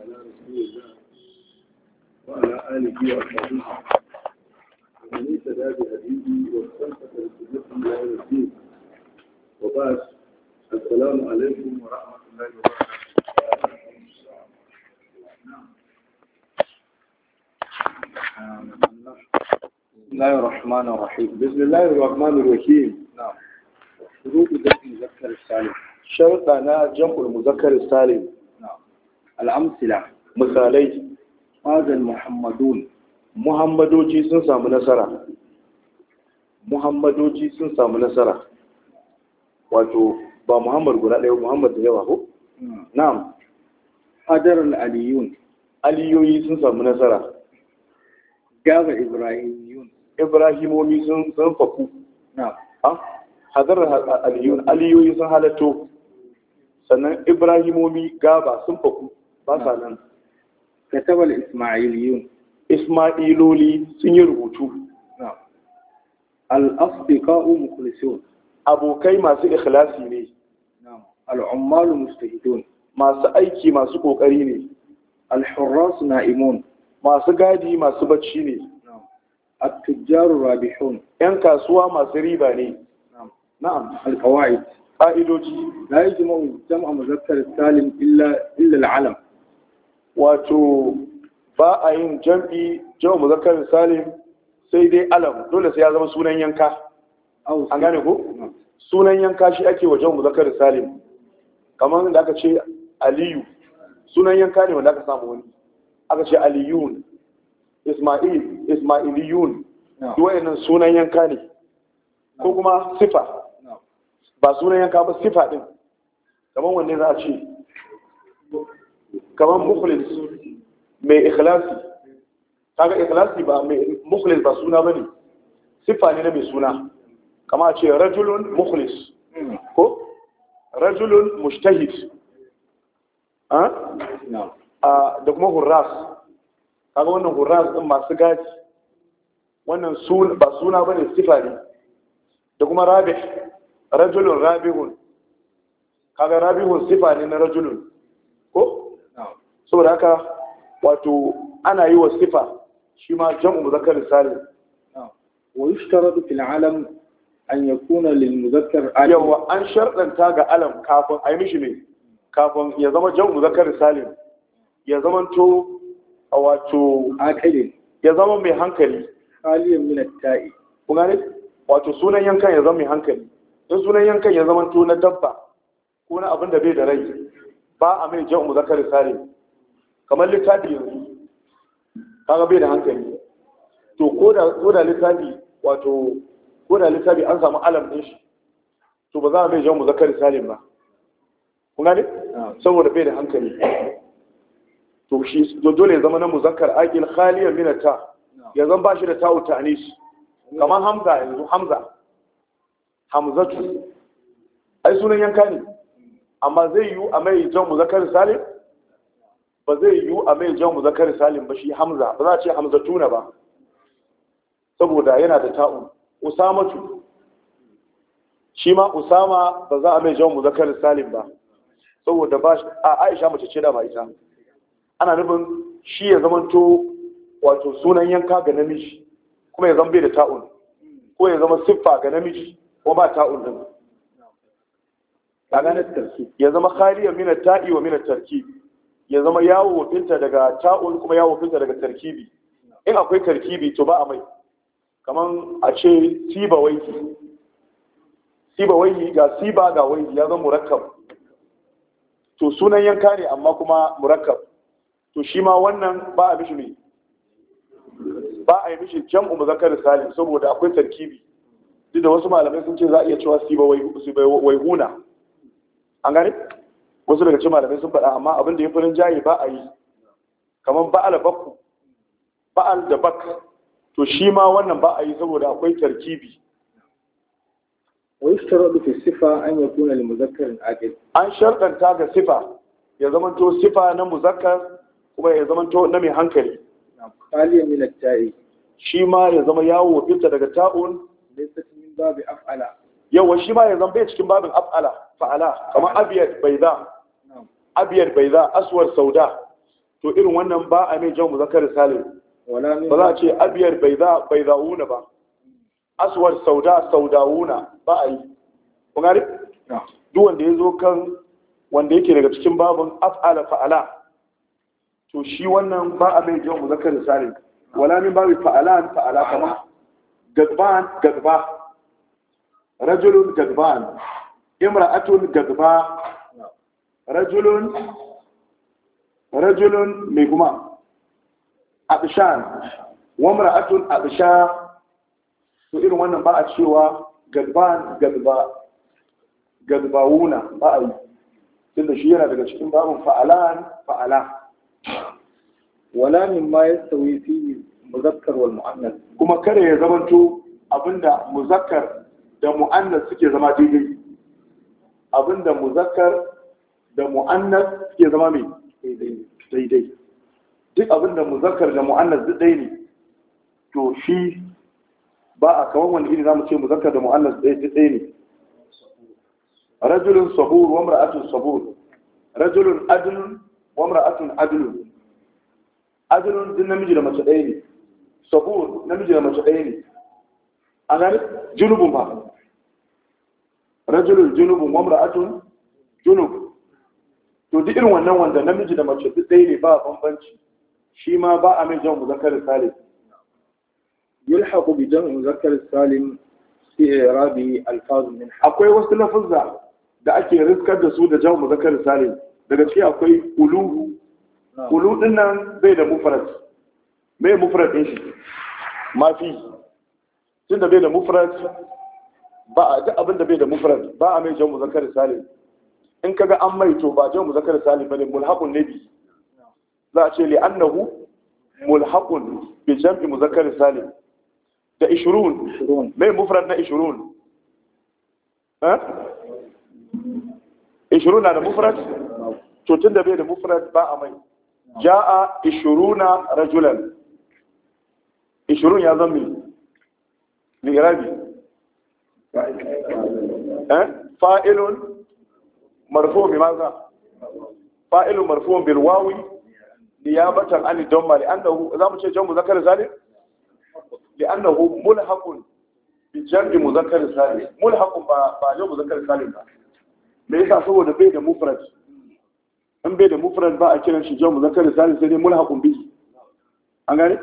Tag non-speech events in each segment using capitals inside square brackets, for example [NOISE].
على رسول الله وعلى آله وأصحابه ومن اهتدى بهديه واستمسك بسنته إلى يوم الدين وبعد السلام عليكم ورحمة الله وبركاته بسم الله الرحمن الرحيم بسم الله الرحمن الرحيم نعم شروط جمع المذكر السالم شرطنا جمع المذكر السالم al'amsila misalai fazil muhammadun muhammadoci sun samu nasara muhammadoci sun samu nasara wato ba muhammad guda ɗaya muhammad da yawa ko hmm. na'am hadar al'aliyun aliyoyi sun samu nasara gaza ibrahimiyun ibrahimomi sun faku na'am hadar al'aliyun aliyoyi sun halatto sannan ibrahimomi gaba sun faku ba sa nan katabal ismailiyun ismailoli sun yi rubutu al-asdiqa'u abokai masu ikhlasi ne al-ummalu mustahidun masu aiki masu kokari ne al na'imun masu gadi masu bacci ne at-tujjaru rabihun yan kasuwa masu riba ne na'am al-qawaid قائدوجي لا يجمع جمع مذكر السالم إلا إلا العلم wato ba a yin jam'i jawa muzakkar salim sai dai alam dole sai ya zama sunan yanka an gane ko sunan yanka shi ake wa jawa muzakkar salim kamar da aka ce aliyu sunan yanka ne wanda aka samu wani aka ce aliyun isma'il isma'iliyun duwayennan sunan yanka ne ko kuma sifa ba sunan yanka ba sifa din kamar wanne za a ce kamar mukhlis mai ikhlasi kaga ikhlasi ba mai ba suna bane ne na mai suna kama a ce rajulun mukhlis ko rajulun mujtahid da kuma hurras kaga wannan hurras din masu gaji wannan ba suna bane siffa ne da kuma rabih rajulun rabihun kaga rabihun siffa na rajulun saboda haka wato ana yi wa sifa shi ma jam'u muzakkar salim wa yushtaratu fil alam an yakuna lil muzakkar alim yawa an sharɗanta ga alam kafin a yi mishi ne kafin ya zama jam'u muzakkar salim ya zama to a wato akali ya zama mai hankali aliyan min tai kuma ne wato sunan yankan ya zama mai hankali in sunan yankan ya zama to na dabba ko na abin da bai da rai ba a mai jam'u muzakkar salim kamar littafi yanzu kaga bai da hankali to ko da littafi wato ko da littafi an samu alam din shi to ba za a bai jan muzakkar salim ba kun gane saboda bai da hankali to shi dole ya zama na muzakar aqil khaliyan min ta ya zan ba shi da ta'u ta'anis kamar hamza yanzu hamza hamzatu ai sunan yanka ne amma zai yi a mai jan muzakkar salim ba zai yiwu a mai jan muzakar salim ba shi hamza ba za a ce hamza tuna ba saboda yana da ta'un usama tu shi ma usama ba za a mai jan muzakar salim ba saboda ba a aisha mace ce da ba ita ana nufin shi ya zamanto wato sunan yanka ga namiji kuma ya zama bai da ta'un ko ya zama siffa ga namiji ko ba ta'un din ya zama khariyar minar ta'i wa minar ya zama yawo wafinta daga ta'un kuma yawo wofinta daga tarkibi in akwai tarkibi to ba a mai Kaman a ce siba waiki siba waiki ga siba ga waiki ya zama murakkab to sunan yanka ne amma kuma murakkab to shi ma wannan ba a mishi ne. ba a yi mishi jam'u muzakkar salim saboda akwai tarkibi duk da wasu malamai sun ce za a iya cewa siba waihuna an gane wasu daga cikin malamai sun faɗa amma abin da ya furin jayi ba a yi kamar ba'al bakku ba'al da bak to shi ma wannan ba a yi saboda akwai tarkibi shi yashtaradu fi sifa an kuna da muzakkarin agil an sharɗanta ga sifa ya zamanto sifa na muzakkar kuma ya zamanto na mai hankali qaliyan min tai shi ma ya zama yawo fita daga ta'un laysa min babin af'ala yawa shi ma ya zama bai cikin babin af'ala fa'ala kamar bai za abiyar bai za aswar sauda to irin wannan ba a mai jan muzakar salim ba za a ce abiyar bai za bai za wuna ba aswar sauda sauda wuna ba a yi ƙungari duk wanda ya zo kan wanda yake daga cikin babin af'ala fa'ala to shi wannan ba a mai jan muzakar salim wala min babi fa'ala fa'ala kama gadban gadba rajulun gadban imra'atun gadba rajulun rajulun mai kuma abishan wamra'atun abisha to irin wannan ba a cewa gadban gadba gadbawuna ba a yi tunda shi yana daga cikin babin fa'alan fa'ala wala min ma yastawi fi muzakkar wal mu'annas kuma kada ya zamanto abinda muzakkar da mu'annas suke zama daidai abinda muzakkar da mu'annas suke zama mai daidai duk abin da muzakkar da mu'annas duk ɗaya ne to shi ba a kawan wani iri zamu ce muzakkar da mu'annas duk ɗaya ne rajulun sahur wa mar'atun sahur rajulun adlun wa mar'atun adlun adlun din namiji da mace ɗaya ne sahur namiji da mace ɗaya ne a gani junubun ba rajulun junubun wa mar'atun junubun to duk irin wannan wanda namiji da mace duk ɗaya ne ba bambanci shi ma ba a mai jan muzakkar salim yulhaqu bi jam'i muzakkar salim fi irabi alfaz min akwai wasu lafazza da ake riskar da su da jan muzakkar salim daga ciki akwai uluhu ulu din nan bai da mufrad mai mufrad din shi mafi tunda bai da mufrad ba a duk abin da bai da mufrad ba a mai jan muzakkar salim in kaga an mai to ba jan muzakkar salim bane mulhaqun nabi za a ce li annahu mulhaqun bi jam'i muzakkar salim da 20 mai mufrad na 20 ha 20 na da mufrad to tunda bai da mufrad ba a mai ja'a 20 rajulan 20 ya zama ni irabi fa'ilun marfu bi maza fa'ilu marfu bil wawi niyabatan an damma li annahu zamu ce jamu zakar salim li annahu mulhaqun bi jam'i muzakkar salim mulhaqun ba ba jamu muzakkar salim ba me yasa saboda bai da mufrad in bai da mufrad ba a kiran shi jamu muzakkar salim sai dai mulhaqun bi an gane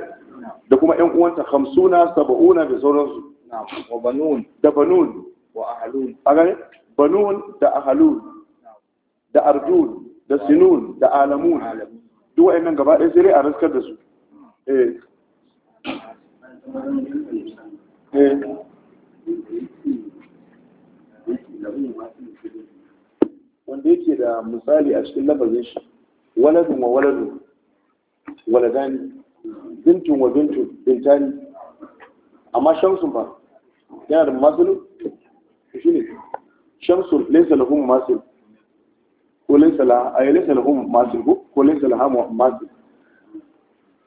da kuma ƴan uwanta 50 70 da sauransu na'am wa banun da banun wa ahlun an gane banun da ahlun da arjun da sinun da alamun duk wa'annan gaba ɗaya sai dai a raskar da su eh eh wanda yake da misali a cikin lafazin shi waladun wa waladun waladani bintun wa bintun bintani amma shamsun ba yana da masu shi ne shamsun laisa lahum masu. ko laysa la ay ko laysa lahum masil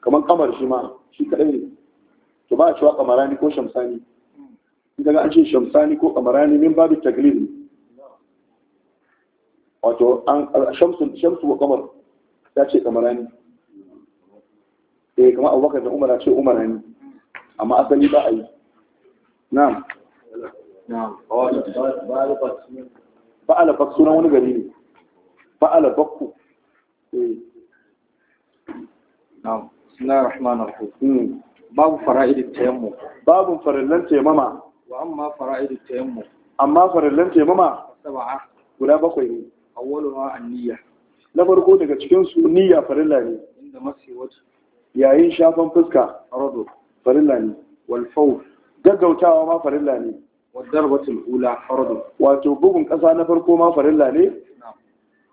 kaman kamar shi ma shi kadai ne to ba a cewa ƙamarani ko shamsani in kaga an ce shamsani ko ƙamarani min babu taglib ne wato shamsu shamsu wa kamar ya ce ƙamarani. eh kamar abubakar da umar ya ce umarani amma asali ba a yi na'am na'am ba'ala bak sunan wani gari ne فعل بكو نعم بسم الله الرحمن babu باب tayammum babu farallan tayammama wa amma fara'idit التيمم amma farallan tayammama سبعه guda bakwai ne النيه an daga cikin su niyya farilla ne inda masi wata yayin shafan fuska rado farilla ne wal fawl gaggautawa ma farilla ne wadar batul ula wato bugun kasa na farko ma farilla ne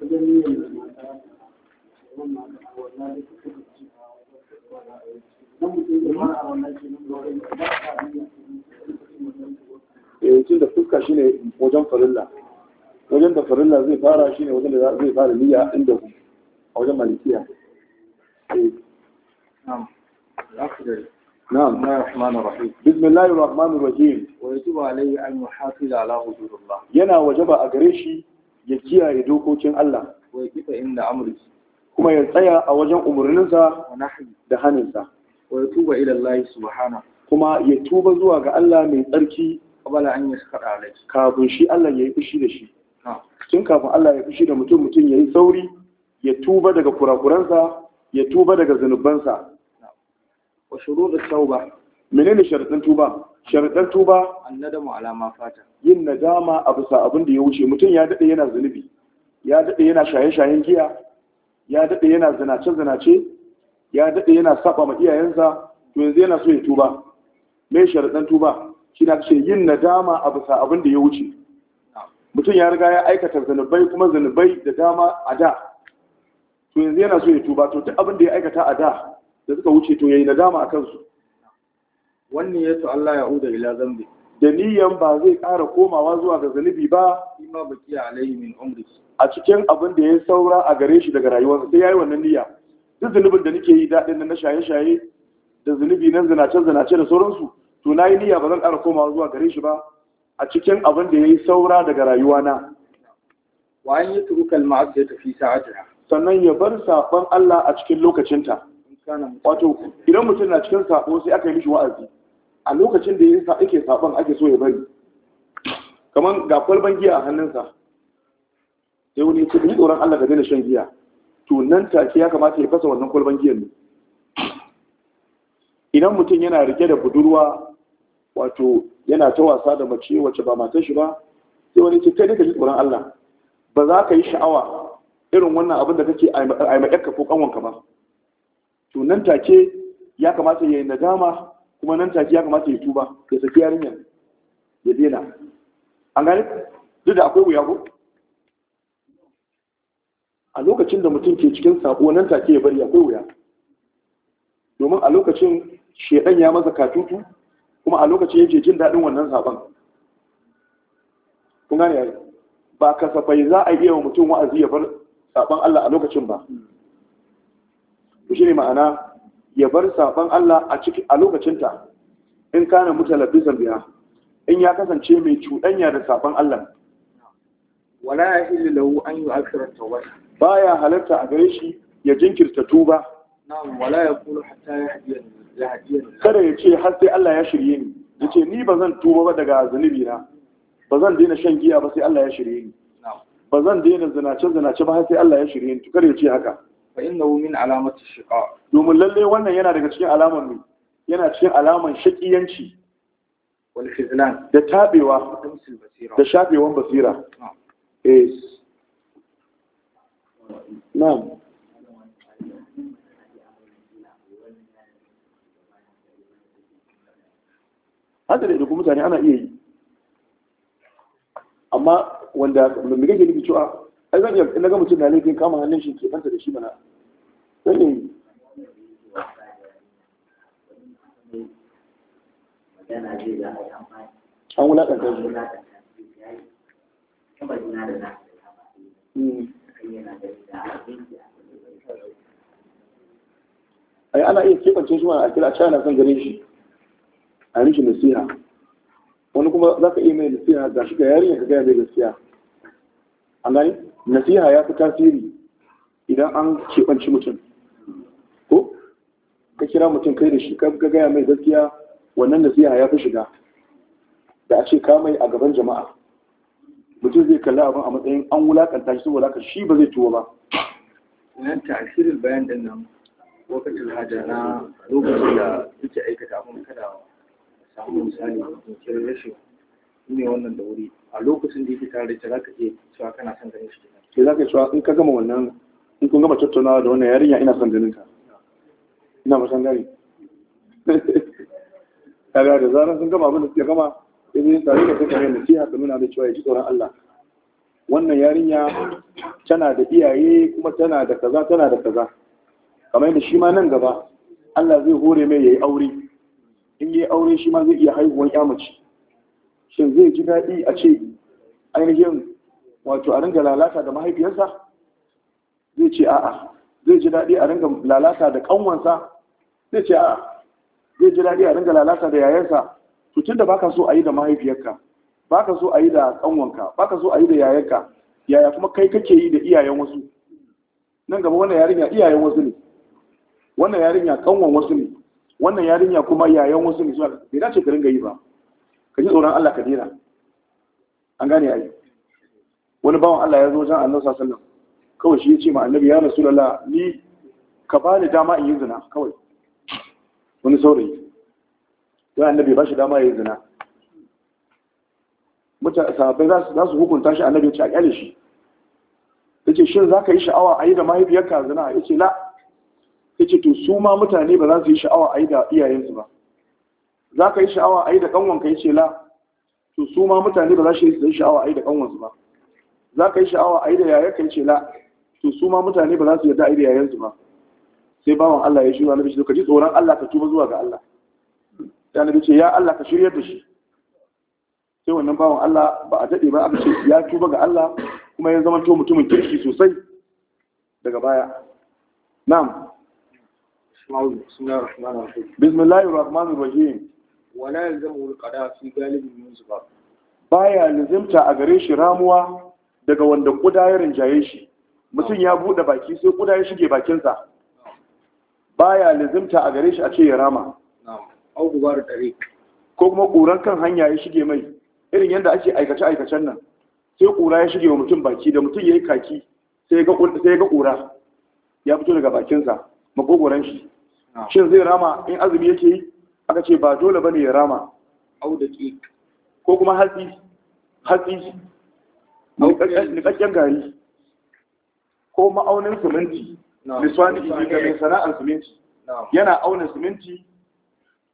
yawancin eh, da fuska shi ne wajen farilla wajen da farilla zai fara shi ne wajen da zai fara niyya inda a wajen malikiya نعم بسم الله الرحمن الرحيم بسم الله الرحمن الرحيم ويجب عليه أن يحافظ على حدود الله ينا وجب ya kiyaye dokokin Allah kuma ya tsaya a wajen umarninsa da haninsa kuma ya tuba zuwa ga Allah mai tsarki kafin shi Allah ya yi fushi da shi tun kafin Allah ya fushi da mutum mutum ya yi sauri ya tuba daga kurakuransa ya tuba daga zanubansa wa shuru da tauba menene sharadin tuba sharaɗar tuba annadamu alama fata yin nadama a bisa abin da ya wuce mutum ya daɗe yana zunubi ya daɗe yana shaye-shayen giya ya daɗe yana zinace-zinace ya daɗe yana saba ma iyayensa to yanzu yana so ya tuba me sharaɗan tuba shi na ce yin nadama a bisa abin da ya wuce mutum ya riga ya aikata zunubai kuma zunubai da dama a da to yanzu yana so ya tuba to duk abin da ya aikata a da da suka wuce to ya yi nadama a kansu wannan ya ce Allah ya uda ila zambi da niyyan ba zai ƙara komawa zuwa ga zalibi ba ima baki alaihi min umri a cikin abin da ya saura a gare shi daga rayuwarsa sai yayi wannan niyya duk zunubin da nake yi daɗin na shaye-shaye da zunubi na zinace-zinace da sauransu to na yi niyya ba zan ƙara komawa zuwa gare shi ba a cikin abin da ya yi saura daga rayuwana wa ya yi turukal ma'az ta fi sa'adina sannan ya bar safan Allah a cikin lokacinta wato idan mutum na cikin saɓo sai aka yi mishi wa'azi a lokacin da ya ake saban ake so ya bari kamar ga kwalban giya a hannunsa sai wani ce ni tsoron Allah ga daina shan giya to nan take ya kamata ya fasa wannan kwalban giyan ne idan mutum yana rike da budurwa wato yana ta wasa da mace wacce ba matar shi ba sai wani ce kai ka ji tsoron Allah ba za ka yi sha'awa irin wannan abin da kake aimakarka ko kanwanka ba to nan take ya kamata ya yi nadama kuma nan take ya kamata ya tuba ya saki yarinya, ya dena an gane duk da akwai wuya ko a lokacin da mutum ke cikin sako nan take ya bari akwai wuya domin a lokacin shedan ya masa katutu kuma a lokacin yake jin daɗin wannan saban kun gane ba kasafai za a iya wa mutum wa'azi ya bar saban Allah a lokacin ba to shine ma'ana ya bar saban Allah a ciki a lokacinta in kana mutalabbisan biya. in ya kasance mai cuɗanya da saban Allah wala ya yahillu lahu an yu'akhkhira tawbah baya halarta a gare shi ya jinkirta tuba na'am wala yaqulu hatta yahdiyani kada ya ce har sai Allah ya shirye ni yace ni ba zan tuba ba daga zunubi na ba zan daina shan giya ba sai Allah ya shirye ni ba zan daina zinace zinace ba har sai Allah ya shirye ni to kada ya ce haka fa innahu domin lalle wannan yana daga cikin alaman ne yana cikin alaman shaqiyanci wal da tabewa da shafewan basira eh na'am hada da mutane ana iya yi amma wanda mai gaggai cewa ai zan iya na ga mutum na laifin kama hannun shi ke da shi mana zan yi an wulaƙanta shi ai ana iya keɓance shi a kira cana kan gare shi a rishi nasiha wani kuma za ka iya mai nasiha ga shi ga yarinya ka gaya mai gaskiya an gani nasiha ya fi tasiri idan an keɓanci mutum ko ka kira mutum kai da shi ka gaya mai gaskiya wannan nasiha ya fi shiga da a ce ka mai a gaban jama'a mutum zai kalli abin a matsayin an wulakanta shi saboda haka shi ba zai tuwo ba nan tasirin bayan din nan lokacin hajja na lokacin da suke aikata abin kada samu misali mutum rashin ne wannan da wuri a lokacin da yake tare da za ka iya cewa kana son ganin shi ke yi cewa in ka gama wannan in kun gama tattaunawa da wannan yarinya ina son ganin ka ina ba gari [LAUGHS] kaga da zaran sun gama abin da suke gama yin tare da suka yi nasiha ka nuna da cewa ya ji tsoron Allah wannan yarinya tana da iyaye kuma tana da kaza tana da kaza kamar yadda shi ma nan gaba Allah zai hore mai yi aure in yi aure shi ma zai iya haihuwan ya mace shin zai ji daɗi a ce ainihin wato a ringa lalata da mahaifiyarsa zai ce a'a zai ji daɗi a ringa lalata da ƙanwansa zai ce a'a zai ji daɗi a ringa lalata da yayansa to tun da baka so a yi da mahaifiyarka baka so a yi da ƙanwanka baka so a yi da yayanka yaya kuma kai kake yi da iyayen wasu nan gaba wannan yarinya iyayen wasu ne wannan yarinya ƙanwan wasu ne wannan yarinya kuma yayan wasu ne bai dace ka ringa yi ba ka ji tsoron Allah kadira an gane ai wani bawan Allah ya zo wajen Annabi sallallahu alaihi kawai shi ya ce ma Annabi ya Rasulullah ni ka ba ni dama in yi zina kawai wani saurayi don Annabi ba shi dama ya yi zina mutane sahabbai za su hukunta shi Annabi ya ce a kyale shi yace shin zaka yi sha'awa a yi da mahaifiyarka zina yace la yace to su ma mutane ba za su yi sha'awa a yi da iyayensu ba za ka yi sha'awa a yi da ƙanwanka ya ce la to su ma mutane ba za su yi sha'awa a yi da su ba za ka yi sha'awa a yi da yayarka ya ce la to su ma mutane ba za su yarda a yi da su ba sai bawan Allah ya shi wa nabi shi ka ji tsoron Allah ka tuba zuwa ga Allah ya nabi ce ya Allah ka shirya da shi sai wannan bawan Allah ba a daɗe ba a ce ya tuba ga Allah kuma ya zama to mutumin kirki sosai daga baya na'am bismillahir rahmanir rahim wala yalzamu alqada fi galibin yuzba baya lazimta a gare shi ramuwa daga wanda kuda ya rinjaye shi mutum ya bude baki sai kuda ya shige bakinsa baya lazimta a gare shi a ce ya rama au gubar dare ko kuma ƙuran kan hanya ya shige mai irin yadda ake aikace aikacen nan sai ƙura ya shige wa mutum baki da mutum ya yi kaki sai ya ga ƙura ya fito daga bakinsa makogoran shi shin zai rama in azumi yake yi aka ce ba dole bane ya rama au da ke ko kuma hatsi hatsi nikakken gari ko ma'aunin siminti liswani iji ga mai sana'ar siminti yana auna siminti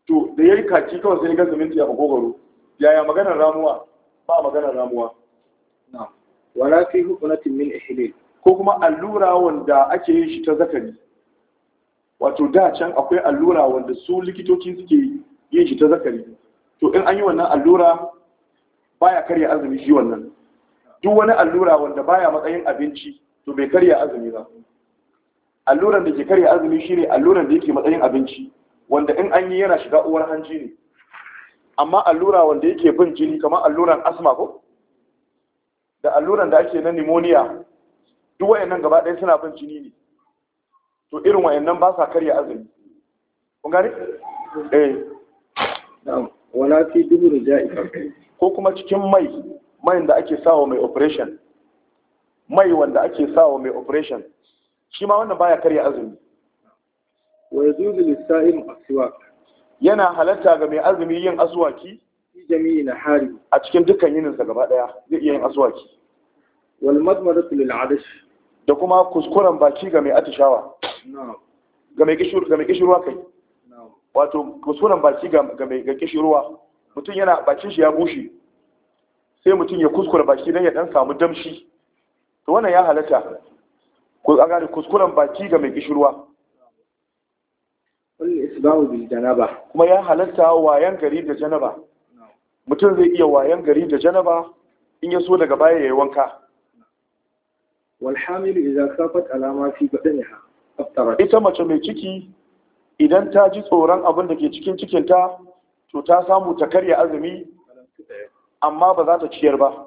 to da ya yi kaci kawai sai ga siminti a magogaro. yaya maganar ramuwa ba maganar ramuwa wala fi hukunatin min ihlil ko kuma allura wanda ake yin shi ta zakari wato da can akwai allura wanda su likitoci suke yin shi ta zakari to in an yi wannan allura baya karya azumi shi wannan duk wani allura wanda baya matsayin abinci to bai karya azumi ba alluran da ke karya azumi shine alluran da yake matsayin abinci wanda in an yi yana shiga uwar hanji ne amma allura wanda yake bin jini kamar alluran asma ko da alluran da ake na pneumonia duk wayannan gaba ɗaya suna bin jini ne to irin wayannan ba sa karya azumi kun gane eh wala fi dubur ja'ifa ko kuma cikin mai mai da ake sawa mai operation mai wanda ake sawa mai operation shi ma wannan baya karya azumi wa yajuzu lis-sa'im aswaq yana halatta ga mai azumi yin aswaki fi jami'i nahari a cikin dukkan yinin sa gaba daya zai iya yin aswaki wal madmadatu lil 'adash da kuma kuskuren baki ga mai atishawa ga mai kishiruwa kai wato kusuran baki ga mai mutum yana bakin shi ya bushe sai mutum ya kuskura baki dan ya dan samu damshi to wannan ya halatta ku an gane kuskuren baki ga mai janaba kuma ya halatta wayan gari da janaba mutum zai iya wayan gari da janaba in ya so daga baya ya yi wanka wal hamil idza safat alama fi badaniha ita mace mai ciki idan ta ji tsoron abin da ke cikin cikinta to ta samu ta karya azumi amma ba za ta ciyar ba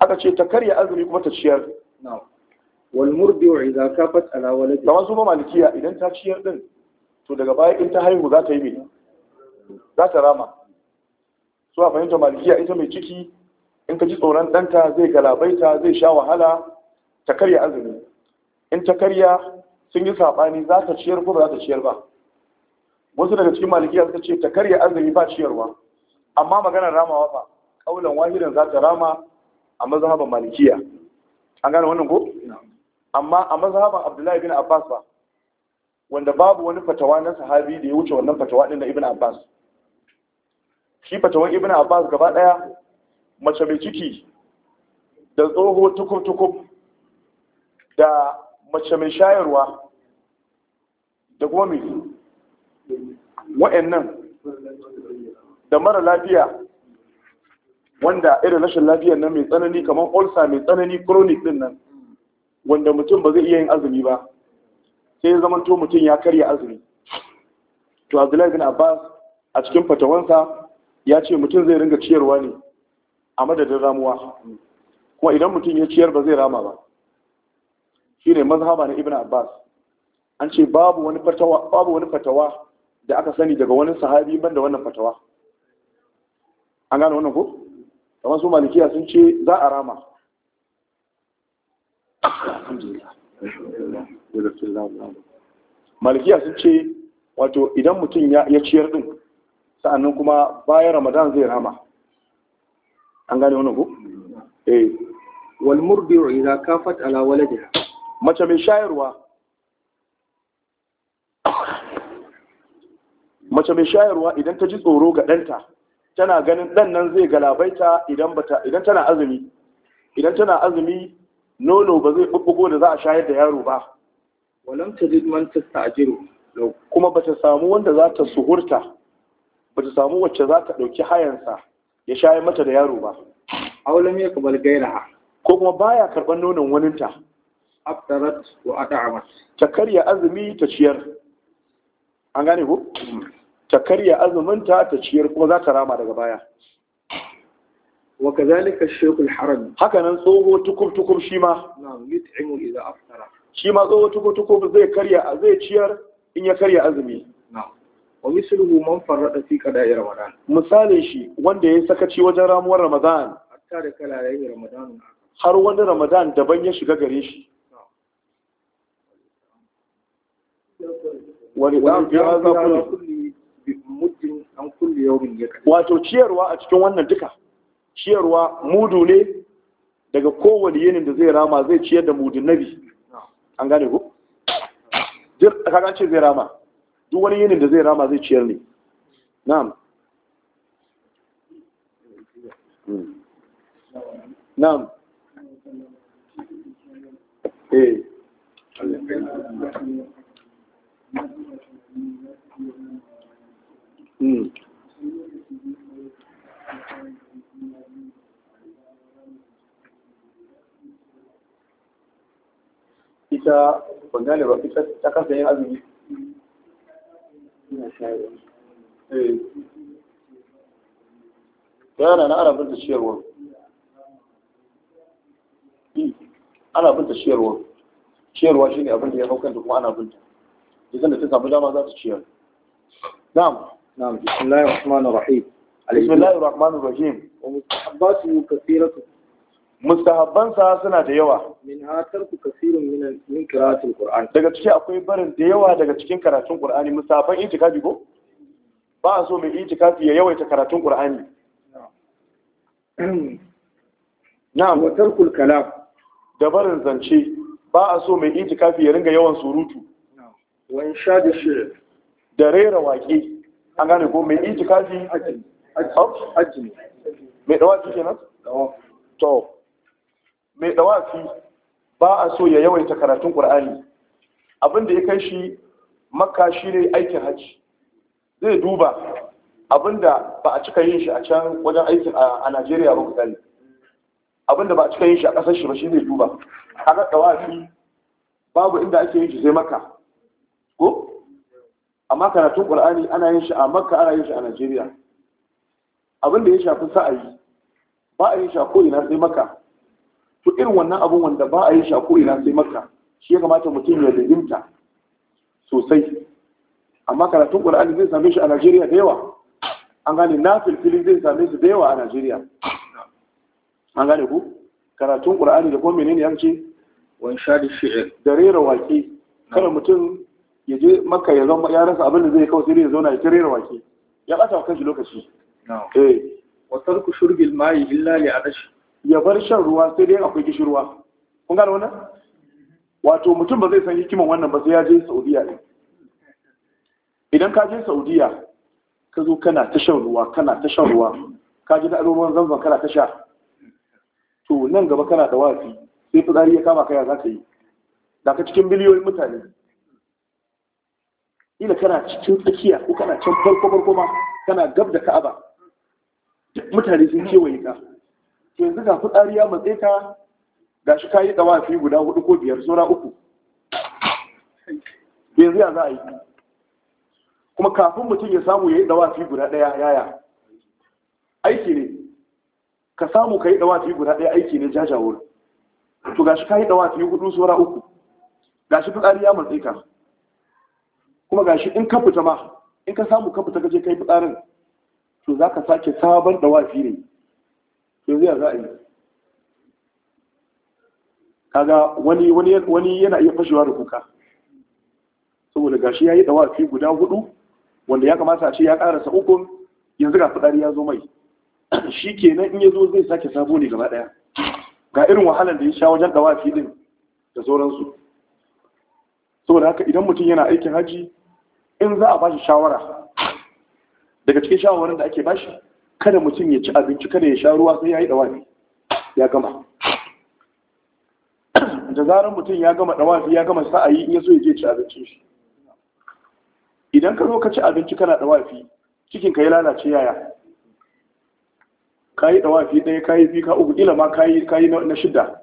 aka ce ta karya azumi kuma ta ciyar wal murdi'u idza kafat ala waladi kamar su malikiya idan ta ciyar din to daga baya in ta haihu za ta yi me za ta rama su a fahimta malikiya ita mai ciki in ka ji tsoron ɗanta zai galabaita zai sha wahala ta karya azumi in ta karya sun yi saɓani za ta ciyar ko ba za ta ciyar ba wasu daga cikin malikiya suka ce ta karya azumi ba ciyarwa amma maganar ramawa ba ƙaunar wahidan za ta rama a mazhaban malikiya an gane wannan ko amma a mazhaban abdullahi bin abbas ba wanda babu wani fatawa na sahabi da ya wuce wannan fatawa din na ibn abbas shi fatawan ibn abbas gaba daya mace mai ciki da tsoho tukum tukum da mace mai shayarwa da kuma mai wa'annan da mara lafiya wanda irin rashin lafiyar nan mai tsanani kamar ulcer mai tsanani chronic din nan wanda mutum ba zai iya yin azumi ba sai ya zama to mutum ya karya azumi to Abdullahi bin Abbas a cikin fatawansa ya ce mutum zai ringa ciyarwa ne a madadin ramuwa kuma idan mutum ya ciyar ba zai rama ba Shi ne mazhaba na ibn abbas an ce babu wani fatawa babu wani fatawa da aka sani daga wani sahabi ban da wannan fatawa an gane wannan ko kamar su malikiya sun ce za a rama malikiya sun ce wato idan mutum ya ciyar din sa'annan kuma bayan ramadan zai rama an gane wannan ko eh wal murdi'u idza kafat ala waladiha mace mai shayarwa mace mai shayarwa idan ta ji tsoro ga ɗanta tana ganin ɗan nan zai galabaita idan bata idan tana azumi idan tana azumi nono ba zai bubbugo da za a shayar da yaro ba walam tajid man tastajiru kuma bata samu wanda za ta suhurta bata samu wacce za ta ɗauki hayansa ya shayar mata da yaro ba aulam ya kabal gairaha ko kuma baya karɓar nonon waninta aftarat wa at'amat ta karya azumi ta ciyar an gane ku hmm. ta karya azuminta ta ciyar kuma za ta rama daga baya wa kazalika shaykh al-haram haka nan tsoho tukub tukub shi ma na'am yut'imu idza aftara shi ma tsoho tukub tukub zai karya zai ciyar in ya karya azumi na'am wa misluhu man farrada fi qada'i ramadan misalin shi wanda ya sakaci wajen ramuwar ramadan hatta da kala yayin ramadan har wani ramadan daban ya shiga gare shi wato ciyarwa a cikin wannan duka ciyarwa mudu ne daga kowane yinin da zai rama zai ciyar da mudun nabi an gane ku kaga ce zai rama duk wani yinin da zai rama zai ciyar ne na'am na'am eh Hmm. ita ban gane ba ita ta kasa yin azumi eh. yana na ana binta shiyarwa hmm. ana binta ciyarwa ciyarwa shine abin da ya haukanta kuma ana binta idan da ta samu dama za ta ciyar na'am na'am bismillahir rahmanir rahim bismillahir rahmanir rahim wa mustahabbatu kathiratu mustahabban sa suna da yawa min hatar ku kasirun min min qira'atul qur'an daga ciki akwai barin da yawa daga cikin karatun qur'ani mustahabban itikafi ko ba a so mai itikafi ya yawaita karatun qur'ani na'am wa tarkul kalam da barin zance ba a so mai itikafi ya ringa yawan surutu wani sha da shi da rera waƙe an gane ko mai iji hajji ne mai dawafi kenan to mai fi ba a so ya yawaita karatun ƙur'ani abinda ya kai shi makka shi ne aikin hajji zai duba abinda ba a cika yin shi a can wajen aikin a najeriya ba misali abinda ba a cika yin shi a ƙasar shi ba shi zai duba A kaga dawafi babu inda ake yin shi zai makka ko amma karatun qur'ani ana yin shi a makka ana yin shi a najeriya abin da ya shafi sa'ayi ba a yin shi a ko'ina sai makka to irin wannan abin wanda ba a yin shi a ko'ina sai makka shi ya kamata mutum ya fahimta sosai amma karatun qur'ani zai same shi a najeriya da yawa an gane na filfili zai same su da yawa a najeriya an gane ku karatun qur'ani da kuma menene yanci wani shadi shi'ir da rera waƙi kada mutum ya je makka ya zama ya rasa abin da zai kawo sai ya zauna ya tare wake ya kan shi lokaci eh wa tarku shurbil ma'i illa li adash ya bar shan ruwa sai dai akwai kishirwa kun ga wannan wato mutum ba zai san hikiman wannan ba sai ya je Saudiya ne idan ka je Saudiya ka zo kana ta shan ruwa kana ta shan ruwa ka ji da ruwan zanzan kana ta sha to nan gaba kana da wafi sai fitsari ya kama kaya za ka yi da ka cikin biliyoyin mutane ila kana cikin tsakiya ko kana can farko farko ma kana gab da ka'aba mutane sun kewaye ka to yanzu ga fitsari ya matse ka ga shi ka yi dawafi guda hudu ko biyar saura uku yanzu ya za a yi kuma kafin mutum ya samu ya yi dawafi guda daya yaya aiki ne ka samu ka yi dawafi guda daya aiki ne jajawar to ga shi ka yi dawafi hudu saura uku ga shi fitsari ya matse ka kuma gashi in ka fita ma in ka samu ka fita kaje kai fitsarin to za ka sake sabon wafi ne yanzu ya za a yi kaga wani wani yana iya fashewa da kuka saboda gashi ya yi wafi guda hudu wanda ya kamata a ce ya karasa uku yanzu ga fitsari ya zo mai [CLEARS THROAT] shi kenan in ya zo zai sake sabo ne gaba daya ga irin wahalar da ya sha wajen ɗawafi din da sauransu saboda haka idan mutum yana aikin haji in za a bashi shawara daga cikin shawarwarin da ake bashi kada mutum ya ci abinci kada ya sha ruwa sai ya yi dawafi ya gama da zarar mutum ya gama dawafi ya gama sa'ayi in ya so ya je ci abinci shi idan ka zo ka ci abinci kana dawafi cikin ka ya lalace yaya ka yi dawafi ɗaya ka yi fi ka uku ila ma ka yi na shida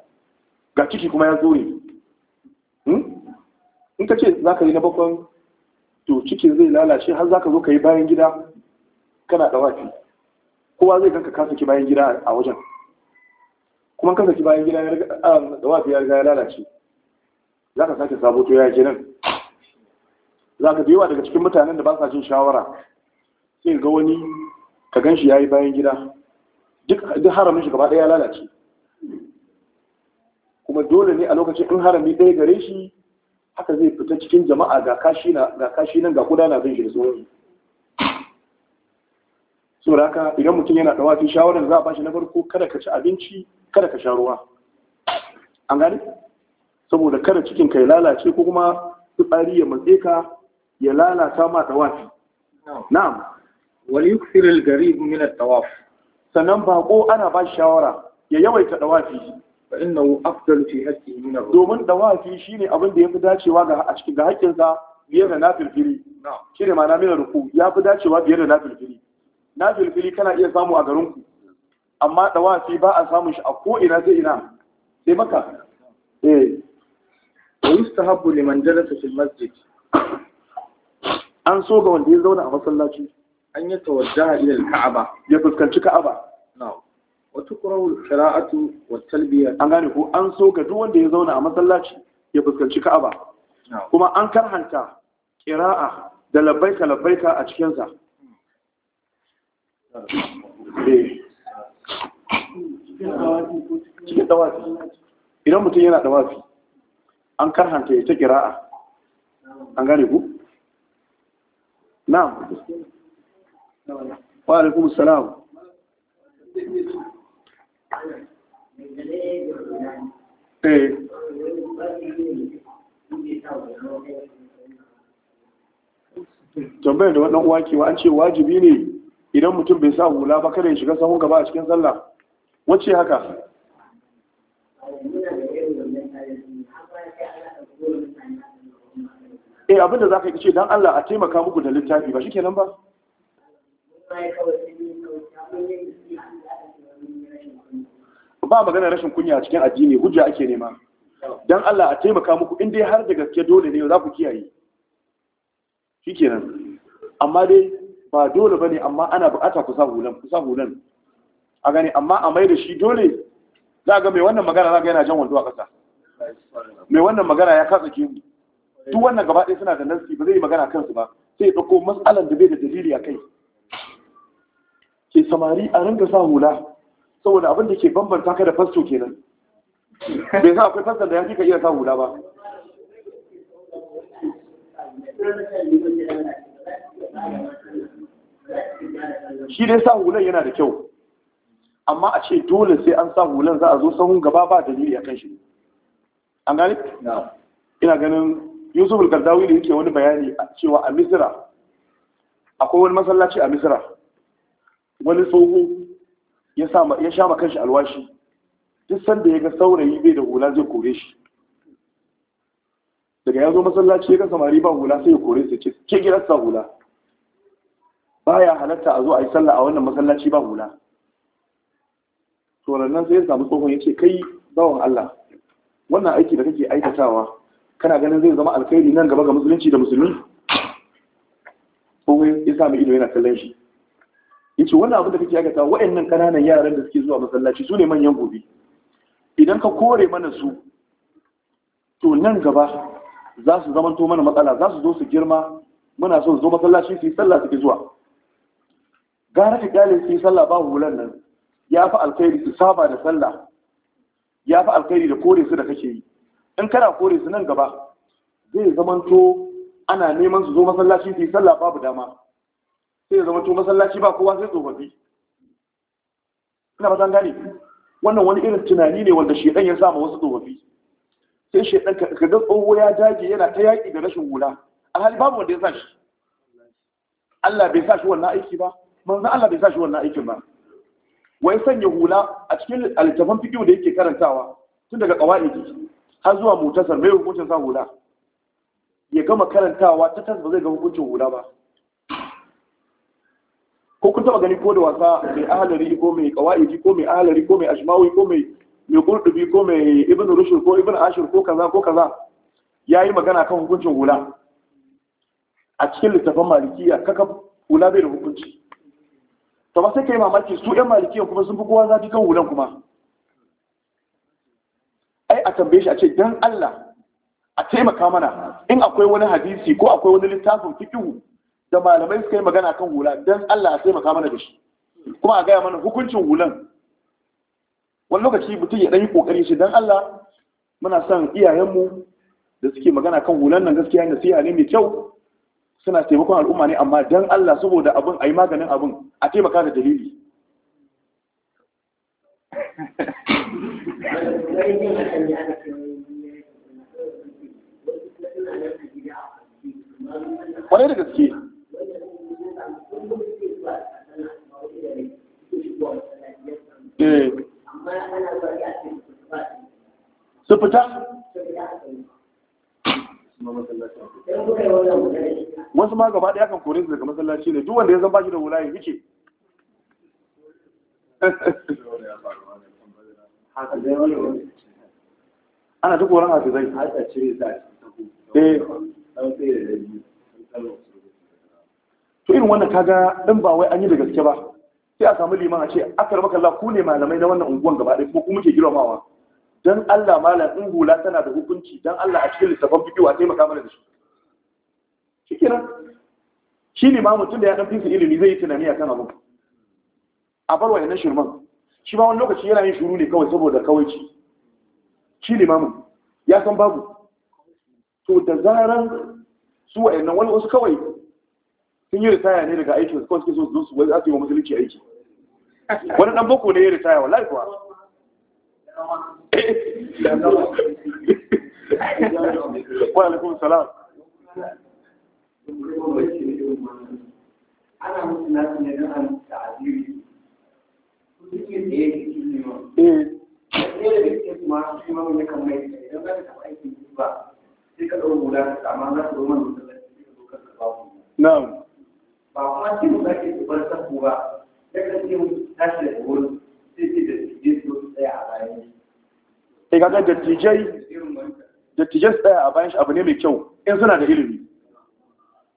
ga ciki kuma ya zo ne in ka ce za ka yi na bakon to cikin zai lalace har za ka zo ka yi bayan gida kana wafi kowa zai kanka ka ki bayan gida a wajen kuma ka saki bayan gida wafi ya riga ya lalace za ka sake sabo to ya ke nan za ka yawa daga cikin mutanen da ba sa jin shawara sai ga wani ka gan shi ya yi bayan gida duk haramin shi gaba ɗaya ya lalace kuma dole ne a lokacin in harami ɗaya gare shi haka zai fita cikin jama'a ga kashi ga kashi nan ga kuda na da haka idan mutum yana da wafi shawarar za a bashi na farko kada ka ci abinci kada ka sha ruwa an gani saboda kada cikin ka ya lalace ko kuma tsari ya matse ka ya lalata ma da wafi na'am wal yukthir al gharib min at tawaf sannan bako ana ba shawara ya yawaita wafi fa innahu afdalu fi haqqihi min domin dawafi shine abin da yafi dacewa ga a cikin ga haƙƙinsa biyar da nafilfili shine ma'ana mina ruku yafi dacewa biyar da nafilfili nafilfili kana iya samu a garin ku amma dawafi ba a samun shi a ko ina sai ina sai maka eh wa yustahabbu liman jalasa fil masjid an so ga wanda ya zauna a masallaci an yi tawadda kaaba ya fuskanci ka'aba وتقرأ القراءة والتلبية an gane ko an so ga duk wanda ya zauna a masallaci ya fuskanci Ka'aba kuma an karhanta kira'a da labbaika labbaika a cikin sa idan mutum yana da wafi, an karhanta ya ta qira'a an gane ku na'am wa alaikum salam Eh. tambayar da waɗanda wakewa, an ce wajibi ne idan mutum bai sa hula ba kada ya shiga sahun gaba a cikin sallah wacce haka eh abinda za ka yi ce don Allah a taimaka muku da littafi ba shi kenan ba ba magana rashin kunya a cikin addini hujja ake nema dan Allah a taimaka muku in dai har da gaske dole ne za ku kiyaye shikenan amma dai ba dole bane amma ana bukata ku sa hulan ku sa hulan a gani amma a mai da shi dole za ga mai wannan magana za ga yana jan wando a ƙasa mai wannan magana ya katsa mu. duk wannan gaba ɗaya suna da nasi ba zai yi magana kansu ba sai ya ɗauko matsalan da bai da dalili a kai ke samari a ringa sa hula saboda abin da ke bambanta ka da fasto kenan bai sa akwai faston da ya fi ka iya sa hula ba shi dai sa hulan yana da kyau amma a ce dole sai an sa hulan za a zo sahun gaba ba dalili a kan shi an gani? ina ganin yusuf al da yake wani bayani cewa a misira akwai wani masallaci a misira wani tsoho ya sha ma kanshi alwashi duk sanda ya ga saurayi bai da hula zai kore shi daga ya zo masallaci ya ga samari ba hula sai ya kore su ke gidansa hula Ba ya halatta a zo a yi sallah a wannan masallaci ba hula to nan sai ya samu tsohon ya ce kai bawan Allah wannan aiki da kake aikatawa kana ganin zai zama alkhairi nan gaba ga musulunci da musulmi tsohon ya sa ido yana kallon shi In ce wannan abin da kake yagata wa'annan kananan yaran da suke zuwa masallaci su ne manyan gobe idan ka kore mana su to nan gaba za su zamanto mana matsala za su zo su girma muna so su zo masallaci su yi sallah suke zuwa gara ka kyale su yi sallah ba hulan nan ya fi alkhairi su saba da sallah ya fi alkhairi da kore su da kake yi in kana kore su nan gaba zai zamanto ana neman su zo masallaci su yi sallah babu dama sai ya zama to masallaci ba kowa sai tsofaffi ina ba gane wannan wani irin tunani ne wanda shedan ya samu wasu tsofaffi sai shedan ka ga tsoho ya dage yana ta yaki da rashin hula a hali babu wanda ya sa shi Allah bai sa shi wannan aiki ba manzon Allah bai sa shi wannan aikin ba wai sanya hula a cikin littafin fiqh da yake karantawa tun daga qawaidi har zuwa mutasar mai hukuncin sa hula ya gama karantawa ta tasba zai ga hukuncin hula ba ko kun taba gani ko da wasa mai ahalari ko mai kawaiji ko mai ahalari ko mai ashmawi ko mai mai qurtubi ko mai ibn rushd ko ibn ashir ko kaza ko kaza yayi magana kan hukuncin hula a cikin littafin malikiya kaka hula bai da hukunci to ba sai kai mamaki su ɗan malikiya kuma sun fi kowa zafi kan hulan kuma ai a tambaye shi a ce dan Allah a taimaka mana in akwai wani hadisi ko akwai wani littafin fiqhu da malamai suka yi magana kan hula don Allah a taimaka mana da shi kuma a gaya mana hukuncin hulan wani lokaci mutum ya ɗanyi ƙoƙari shi don Allah muna son iyayenmu da suke magana kan hulan nan gaskiya da siya ne mai kyau suna taimakon al'umma ne amma don Allah saboda abin a yi maganin abin a taimaka da dalili kwarai da gaske Eh. su fita wasu ma gaba ɗaya kan kore su daga masallaci ne duk wanda ya zama shi da wula ya [LAUGHS] ana ta koran hafi zai eh. to irin wannan kaga ɗin ba wai an yi da gaske ba sai a samu liman a ce akar makalla ku ne malamai na wannan unguwan gaba ɗaya kuma muke girmamawa dan Allah malam in hula tana da hukunci dan Allah a cikin littafin fiqh a taimaka mana da shi shikenan shi ma mutum da ya dan fisa ilimi zai yi tunani akan abu a bar wayannan shirman shi ma wani lokaci yana yin shuru ne kawai saboda kawaici shi limamin ya san babu to da zaran su wayannan wani wasu kawai sun yi ritaya ne daga aikin wasu suke so su su wani wa musulunci aiki wani dan boko ne ya ritaya wa laifuwa ba kuma ce mu ke su bar sabu ba ya kan ce mu tashi da wuri sai ce da tije su tsaya a bayan shi sai eh, kaga da tije da tije su tsaya a bayan shi abu ne mai kyau in suna da ilimi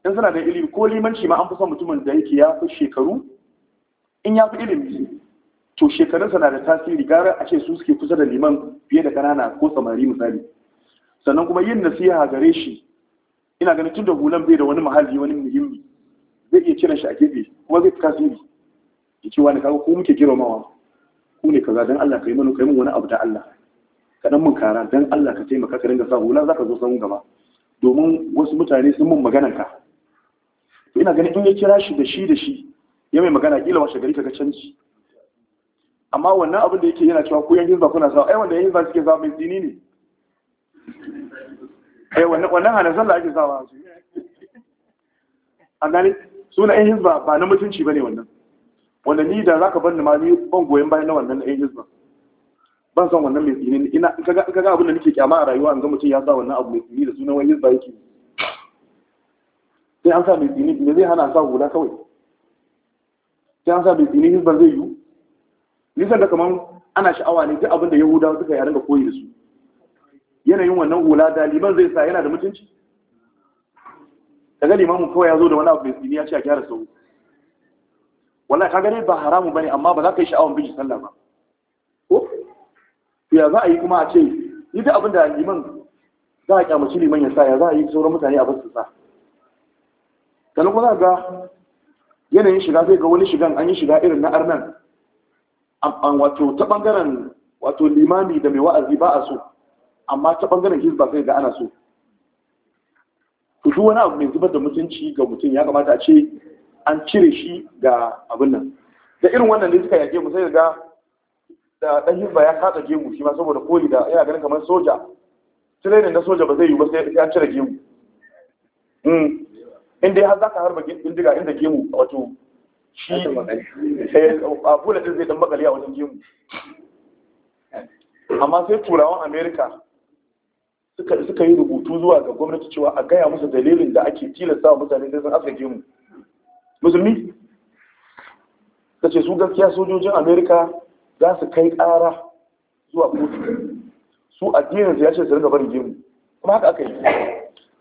in suna da ilimi ko limanci ma an fi son mutumin da yake ya fi shekaru in ya fi ilimi to shekarunsa na da tasiri gara a ce su suke kusa da liman fiye da ƙanana ko samari misali sannan kuma yin nasiha gare shi ina ganin tun da hulan bai da wani mahalli wani muhimmi zai iya cire shi a gefe kuma zai fi tasiri ya ce wani kawo ko muke girmamawa ku ne kaza don Allah ka yi mana ka yi min wani abu da Allah ka dan mun kara don Allah ka taimaka ka dinga sa hula za ka zo san gaba domin wasu mutane sun mun magana ka to ina ganin in ya kira shi da shi da shi ya mai magana kila washe gari kaga canji amma wannan abin da yake yana cewa ko yan hizba kuna sa ai wanda yan hizba suke sa mai dini ne ai eh, wannan wannan hana sallah ake sawa a gane suna yan hizba ba na mutunci ba ne wannan wanda ni da za ka ban ma ni ban goyon bayan na wannan yan hizba ban san wannan mai tsini ina in kaga kaga abin da nake kyama a rayuwa in ga mutum ya sa wannan abu mai tsini da sunan wani hizba yake sai an sa mai tsini me zai hana sa hula kawai sai an sa mai tsini hizba zai yiwu nisan da kamar ana sha'awa ne duk abin da yahudawa suka yi a ringa koyi da su yanayin wannan hula daliban zai sa yana da mutunci kaga limamin kawai ya zo da wani abu mai tsini ya ce a gyara sau wannan kaga ne ba haramu bane amma ba za ka yi sha'awan bin sallah ba ko ya za a yi kuma a ce ni da abin da liman za a kyamaci liman ya sa ya za a yi sauran mutane a bar su sa sannan kuma za ga yanayin shiga zai ga wani shigan an yi shiga irin na arnan an wato ta bangaren wato limami da mai wa'azi ba a so amma ta bangaren hizba sai ga ana so to shi wani abu mai zubar da mutunci ga mutum ya kamata a ce an cire shi ga abin nan da irin wannan ne suka yage mu sai ga da dan hirba ya kada gemu shi ma saboda koli da yana ganin kamar soja tirenin na soja ba zai yi ba sai an cire gemu hmm. in dai har zaka harba bindiga inda gemu wato shi eh, a bula din zai dan makale a wajen gemu amma sai turawan america suka yi rubutu zuwa ga gwamnati cewa a gaya musu dalilin da ake tilasta wa mutane sai sun afirke mu musulmi ta ce su gaskiya sojojin amerika za su kai ƙara zuwa kotu su addinin su ya ce su rinka barin gemu kuma haka aka yi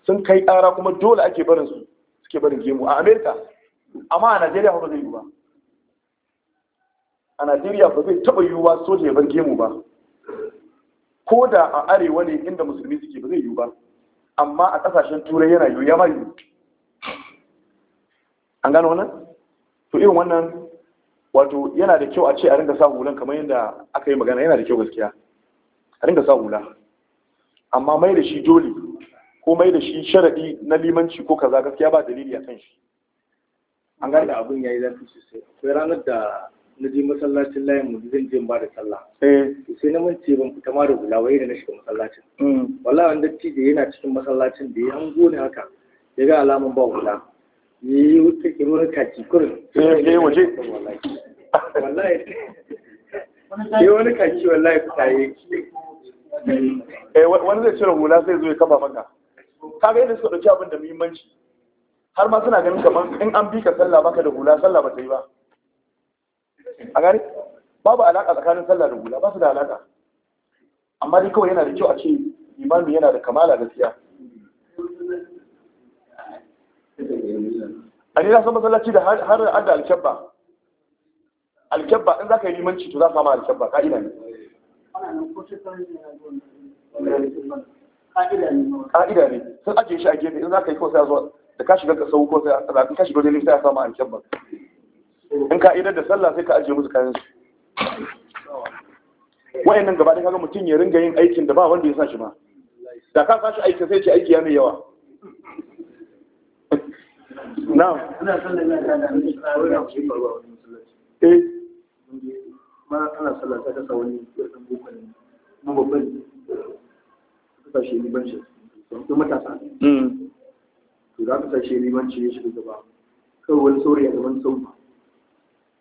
sun kai ƙara kuma dole ake barin su suke barin gemu a amerika amma a najeriya ba zai yi ba a najeriya ba zai taɓa yiwuwa soja ya bar gemu ba ko da a arewa ne inda musulmi suke ba zai yiwu ba amma a kasashen turai yana yiwu ya ma yiwu an gano wannan to irin wannan wato yana da kyau a ce a ringa sa hulan kamar yadda aka yi magana yana da kyau gaskiya a ringa sa hula amma mai da shi dole ko mai da shi sharadi na limanci ko kaza gaskiya ba dalili a kan shi an gane abin yayi zafi sosai akwai ranar da na je masallacin layin mu zan je ba da sallah eh. sai na ce ban fita ma da hula wai da na shiga masallacin mm. wallahi wanda da yana cikin masallacin da ya hango ni haka ya ga alaman ba hula ya yi wuce ki ruwan kaki kurin eh eh waje wallahi ya wani kaki wallahi fita yi eh, wani zai cire hula sai zo ya kaba maka kaga yadda suka ɗauki abin da muhimmanci har ma suna ganin kamar in an bi ka sallah baka da hula sallah ba ta yi ba a gari babu alaƙa tsakanin sallah da hula ba su da alaƙa amma dai kawai yana da kyau a ce imami yana da kamala gaskiya a ne san masallaci da har da alkyabba alkyabba in za ka yi limanci to za ka ma alkyabba ka'ida ne ka'ida ne sun ajiye shi a gefe in za ka yi kawai sai a zuwa da ka shiga ka sau ko sai a ka shiga wajen sai a samu alkyabba in ka idar da sallah sai ka ajiye musu kayan su wayannan gaba kaga mutum ya ringa yin aikin da ba wanda ya sa shi ba da ka sashi aikin sai ce aiki ya mai yawa [LAUGHS] na'am ina sallah ina da shi farwa wani musulunci eh ma ana sallah ta kasa wani irin bukwani ne mu babban ta shi ni ban shi to matasa mm. to za ka sashi ni ban shi shi gaba kawai wani saurayi ya zama sauma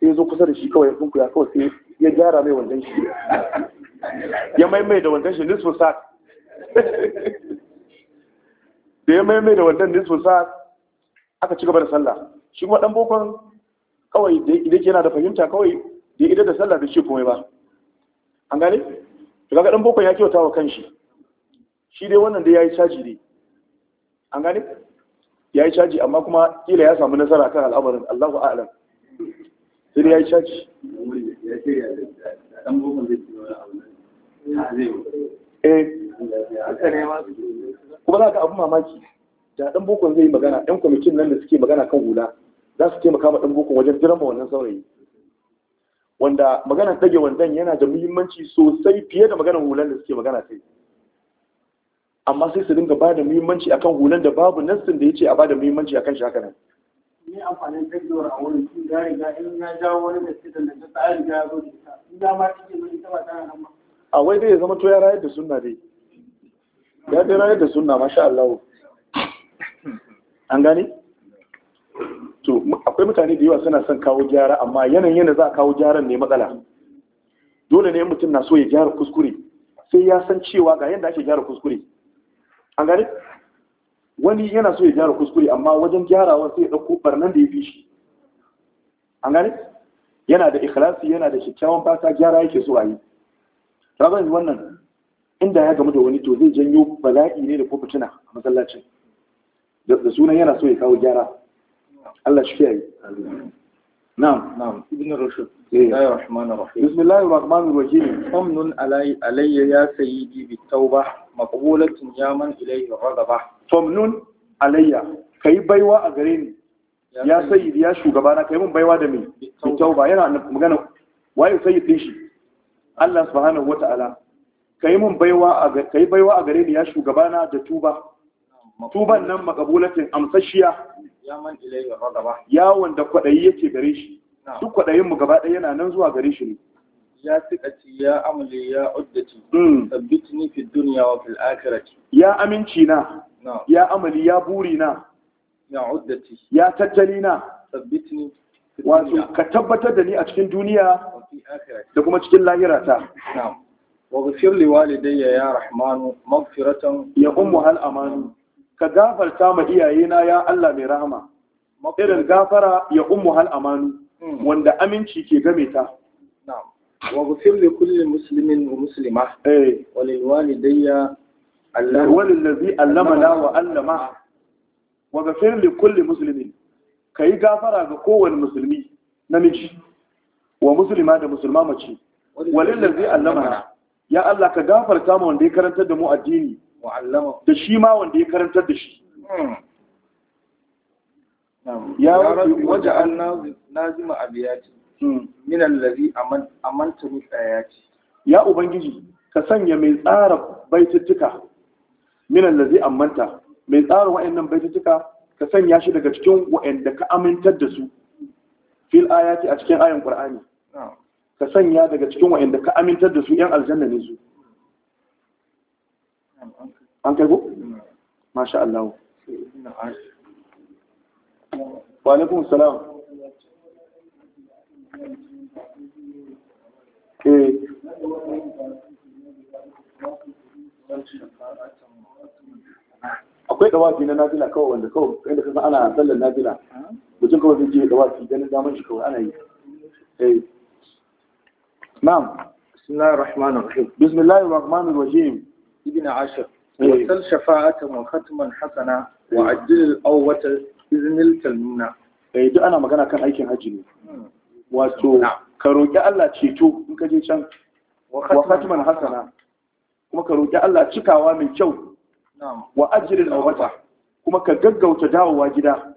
sai zo kusa da shi kawai sun kuya kawai sai ya gyara mai wanzan shi ya maimai da wanzan shi nisfu sa da ya maimai da wanzan nisfu sa aka ci gaba da sallah shi kuma dan bokon kawai da yake yana da fahimta kawai da ya idar da sallah da shi komai ba an gane to kaga dan bokon ya kyautawa wa kanshi shi dai wannan dai yayi caji ne an gane yayi caji amma kuma kila ya samu nasara kan al'amarin Allahu a'lam sai ya yi caci eh, kuma za ka abu mamaki da ɗan bokon zai yi magana yan kwamitin nan da suke magana kan hula za su taimaka ma dan bokon wajen jirama wannan saurayi wanda maganar ɗage wandan yana da muhimmanci sosai fiye da maganar hulan da suke magana kai amma sai su dinga ba da muhimmanci akan hulan da babu nassin da ya ce a ba da muhimmanci akan shi haka nan ne amfanin tabbiyar a wurin sun ya riga in ya jawo wani da cikin da ta ya riga ya zo da ita in dama take mai ita ba tana nan ba a wai dai ya zama to ya rayar da sunna dai ya dai rayar da sunna masha Allah an gane to akwai mutane da yawa suna son kawo gyara amma yanayin yadda za a kawo gyaran ne matsala dole ne mutum na so ya gyara kuskure sai ya san cewa ga yadda ake gyara kuskure an gane wani yana so ya gyara kuskure amma wajen gyarawa sai ya ɗauko barnan da ya fi shi an gane yana da ikhlasi yana da kyakkyawan fata gyara yake so a yi rabin wannan inda ya gamu da wani to zai janyo bala'i ne da ko fitina a masallacin da sunan yana so ya kawo gyara Allah shi yi. na'am na'am ibn rushd eh. bismillahir rahmanir rahim bismillahir rahmanir rahim amnun alayya ya sayyidi bitawbah maqbulatun ya man ilayhi Tom nun alayya yi baiwa a gare ni ya sayyid ya shugaba na yi mun baiwa da me ba yana magana waye sayyid din shi Allah subhanahu wataala kai mun baiwa a baiwa a gare ni ya shugaba na da tuba tuban nan maqbulatin amsashiya ya man ilayhi ghadaba ya wanda kwadayi yake gare shi duk kwaɗayin mu gaba ɗaya yana nan zuwa gare shi ne ya siƙaci ya amule ya uddaci sabbitni fi dunya wa fil akhirati ya aminci na ya amali ya buri na ya uddaci ya tattali na sabbitni wato ka tabbatar da ni a cikin duniya da kuma cikin lahirata na'am waghfir li walidayya ya rahmanu maghfiratan ya ummu hal amanu ka gafarta ma iyayena ya Allah mai rahama irin gafara ya ummu hal amanu wanda aminci ke game ta na'am واغفر لكل مسلم ومسلمة وللوالدي وللذي علمنا وعلمه واغفر لكل مسلم كي غفر لكل مسلمي namiji wa musulma da musulma mace walillazi allamana ya Allah ka gafarta mu wanda ya karantar da mu addini wa allama da shi ma wanda ya karantar da shi hmm. ya rabbi waja'alna nazima abiyati Hmm. min allazi amanta min ayati ya ubangiji ka sanya mai tsara baituttuka min allazi amanta mai tsara wayannan baituttuka ka sanya shi daga cikin wayanda ka amintar da su fil ayati a cikin ayan qur'ani ka sanya daga cikin wayanda ka amintar da su yan aljanna ne su an kai ko hmm. masha Allah wa alaikum salam akwai dawafi na nafila kawai wanda kawai da kasa ana sallar nafila mutum kawai zai je dawafi ganin damar shi kawai ana yi eh na'am bismillahir rahmanir rahim bismillahir rahmanir rahim ibn ashir eh. wasal shafa'atan wa khatman hasana wa ajil al-awwata iznil talmuna eh duk ana magana kan aikin hajji ne hmm. wato ka roƙi Allah ceto in ka je can wa khatiman hasana kuma ka roƙi Allah cikawa mai kyau wa ajrin awata kuma ka gaggauta dawowa gida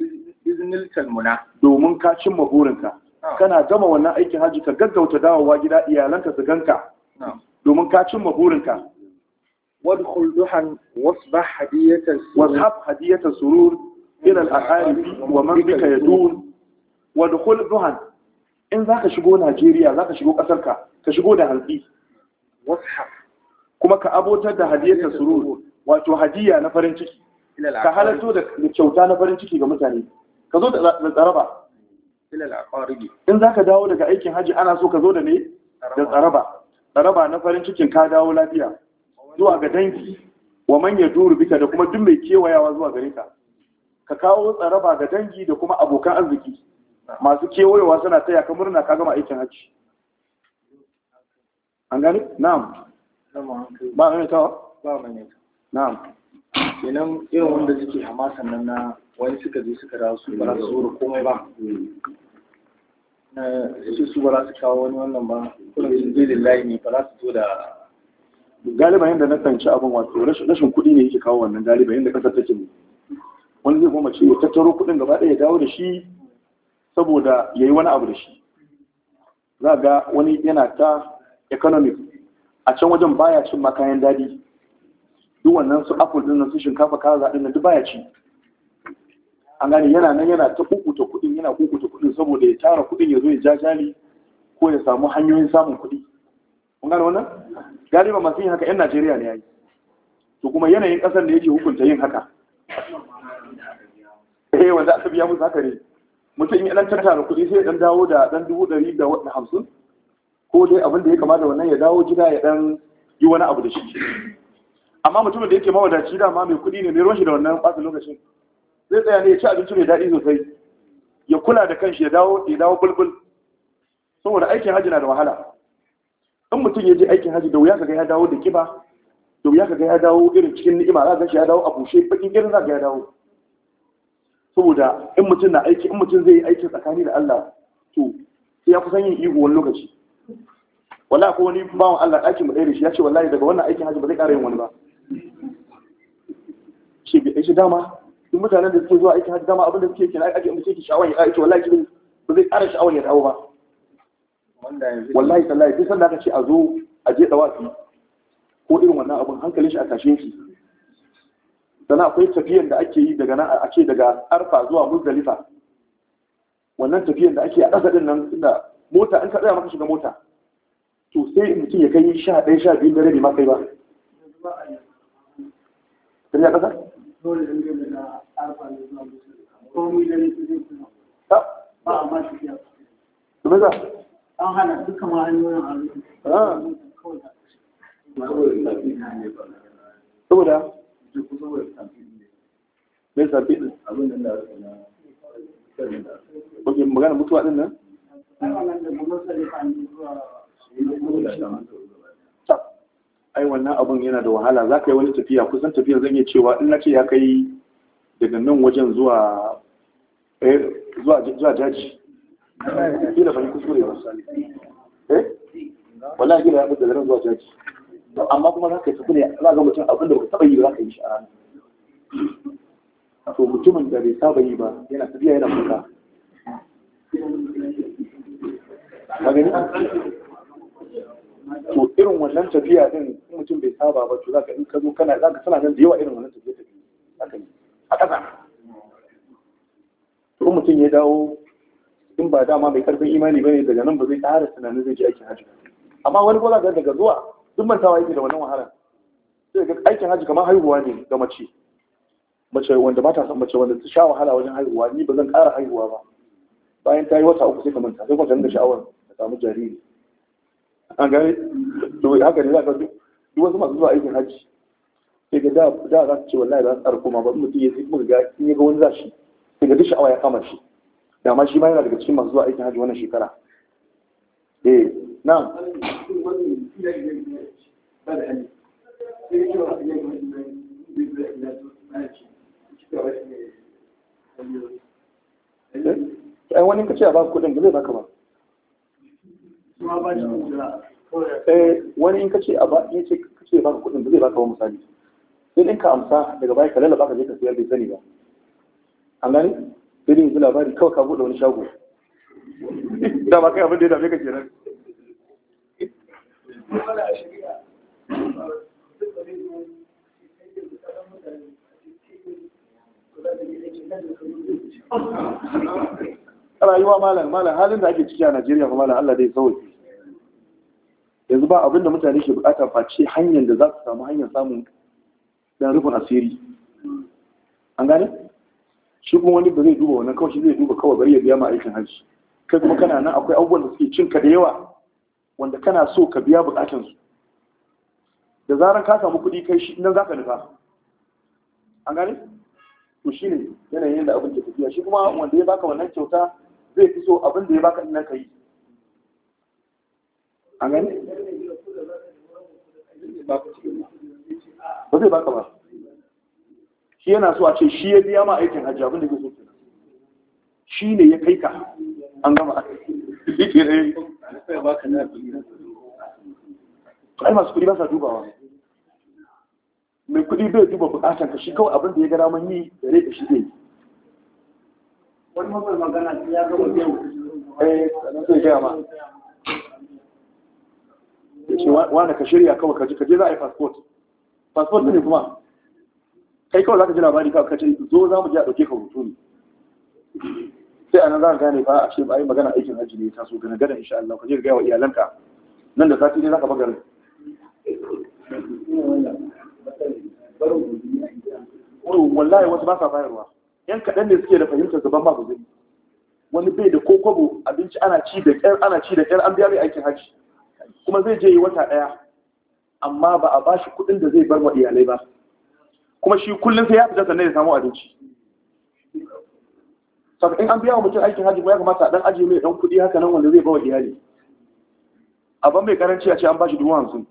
biznil kalmuna domin ka cimma burinka kana gama wannan aikin haji ka gaggauta dawowa gida iyalanka su ganka domin ka cimma burinka wadkhul duhan wasbah hadiyatan washab hadiyatan surur ila al-aqarib wa man bika yadun wadkhul duhan in za ka shigo najeriya za ka shigo ƙasarka ka shigo da hantsi kuma ka abotar da hadiyatar suru wato hadiya na farin ciki ka halatto da kyauta na farin ciki ga mutane ka zo da tsaraba in za ka dawo daga aikin hajji ana so ka zo da ne da tsaraba tsaraba na farin cikin ka dawo lafiya zuwa ga dangi wa manya duru bika da kuma duk mai kewayawa zuwa gare ka ka kawo tsaraba ga dangi da kuma abokan arziki masu kewayewa suna taya ka murna ka gama aikin hajji an gani na'am ba mai tawa ba mai na'am kenan irin wanda suke hamasan nan na wani suka zai suka dawo su ba za su wuri komai ba na su su ba za su kawo wani wannan ba kuma su zai lillahi ne ba za su zo da galiba yadda na tanci abin wato rashin kudi ne yake kawo wannan galiba yadda ƙasar take ne wani zai kuma ce ya tattaro kudin gaba ɗaya ya dawo da shi saboda ya yi wani abu da shi za ga wani yana ta economic a can wajen baya cin kayan daɗi duk wannan su apple din nan su shinkafa kaza din nan duk baya ci an gani yana nan yana ta kukuta kuɗin yana kukuta kuɗin saboda ya tara kuɗin ya zo ya jajali ko ya samu hanyoyin samun kuɗi kun gane wannan galiba masu yin haka 'yan najeriya ne ya yi to kuma yanayin ƙasar da yake hukunta yin haka eh wanda aka biya musu haka ne mutum ya ɗan tattara kuɗi sai ya ɗan dawo da ɗan dubu ɗari da wadda hamsin ko dai abin da ya kama da wannan ya dawo gida ya ɗan yi wani abu da shi amma mutumin da yake mawadaci dama mai kuɗi ne mai ruwan da wannan ɓata lokacin zai tsaya ne ya ci abinci mai daɗi sosai ya kula da kanshi ya dawo ya dawo bulbul saboda aikin hajji na da wahala in mutum ya je aikin hajji da wuya kaga ya dawo da kiba da wuya kaga ya dawo irin cikin ni'ima za ka ya dawo a bushe bakin irin za ka ya dawo saboda in mutum na aiki in mutum zai yi aiki tsakani da Allah to sai ya kusan yin ihu wani lokaci Wala ko wani bawan Allah aiki mu da shi ya ce wallahi daga wannan aikin haji ba zai ƙara yin wani ba shi bi shi dama duk mutanen da suke zuwa aikin haji dama abin da suke kina aiki in suke sha'awar ya aiki wallahi kin ba zai ƙara sha'awar ya dawo ba wallahi sallahi duk sanda ka ce a zo a je dawafi ko irin wannan abun hankalin shi a kashe shi sannan akwai tafiyan da ake yi daga nan ake daga arfa zuwa muzdalifa wannan tafiyan da ake a ƙasa din nan inda mota in ka tsaya maka shiga mota to sai mutum ya kai sha ɗaya sha biyu da rabi ma kai ba Ba ma shi ƙasa Tume za? An ah. hana duka ma hanyoyin Saboda? mai sabi din abin da na ok magana mutuwa din nan ai wannan abin yana da wahala za ka yi wani tafiya kusan tafiya zan iya cewa in na ce ya kai daga nan wajen zuwa eh, zuwa jaji kila fahimci kuskure ba eh wallahi kila ya fi daga nan zuwa daji. amma kuma za ka yi sukuni za ga mutum abin da ba taɓa yi ba za ka yi shi a ranar to mutumin da bai saba yi ba yana tafiya yana kuka magani to irin wannan tafiya din mutum bai saba ba to ka in ka zo kana ka tana nan da yawa irin wannan tafiya tafiya ka yi a ƙasa to mutum ya dawo in ba dama mai karfin imani bane daga nan ba zai ƙara tunanin zai je aikin hajji amma wani ko za ka daga zuwa duk mantawa yake da wannan wahala sai ga aikin haji kamar haihuwa ne ga mace mace wanda ba ta san mace wanda ta sha wahala wajen haihuwa ni ba zan ƙara haihuwa ba bayan ta yi wata uku sai ka manta sai kuma da sha'awar ta samu jariri an gane to haka ne za ka duk wasu masu zuwa aikin haji sai ga da da za su ce wallahi za su tsara koma ba mutum ya sai kuma ga in ya ga wani za shi sai ga duk sha'awa ya kama shi da ma shi ma yana daga cikin masu zuwa aikin haji wannan shekara eh na'am eh, ai wani ka ce a ba kudin da zai baka ba eh, wani in ka ce a ba in ce ka ce baka kudin da zai baka ba misali sai in ka amsa daga baya ka lalaba ka je ka siyar da sani ba an gani sai din labari kawai ka bude wani shago da ba kai abin da ya dame ka kenan rayuwa malam malam halin da ake ciki a Najeriya kuma malam Allah dai sauki yanzu ba abinda mutane ke bukata face hanyar da za su samu hanyar samun dan rufin asiri an gane shi kuma wani da zai duba wannan kawai shi zai duba kawai bari ya biya ma aikin hajji kai kuma kana nan akwai abubuwan da suke cin ka da yawa wanda kana so ka biya bukatansu da zarar ka samu kuɗi kai shi nan za ka nufa an gane to shi ne yanayin da abin da tafiya shi kuma wanda ya baka wannan kyauta zai fi so abin da ya baka nan ka yi an gane ba zai baka ba shi yana so a ce shi ya biya ma aikin hajji abin da ke so shi ne ya kai ka an gama aiki. [LAUGHS] ai masu kudi ba sa dubawa mai kudi bai duba bukatan ka shi kawai abin da ya gara man yi da rai da shi zai wani mafi magana ya gaba yau eh sanan zai gaya ma ya ce wani ka shirya kawai ka ji ka je za a yi fasfot fasfot ne kuma kai kawai za ka ji labari kawai ka ce zo za mu je a ɗauke ka hutu ne sai a nan za ka gane ba a ce ba yi magana aikin hajji ne ta Gana gane in insha Allah ka je ga wa iyalanka nan da sati ne za ka bagar wallahi wasu ba sa bayarwa yan kaɗan ne suke da fahimtar gaban ba guzuri wani bai da ko kwabo abinci ana ci da ƙyar ana ci da ƙyar an biya mai aikin hajji kuma zai je yi wata ɗaya amma ba a bashi kuɗin da zai bar wa iyalai ba kuma shi kullum sai ya fita sannan ya samu abinci saboda in an biya wa mutum aikin hajji ya kamata a dan ajiye mai dan kuɗi haka nan wanda zai bawa iyali a ban mai karanci a ce an bashi dubu hamsin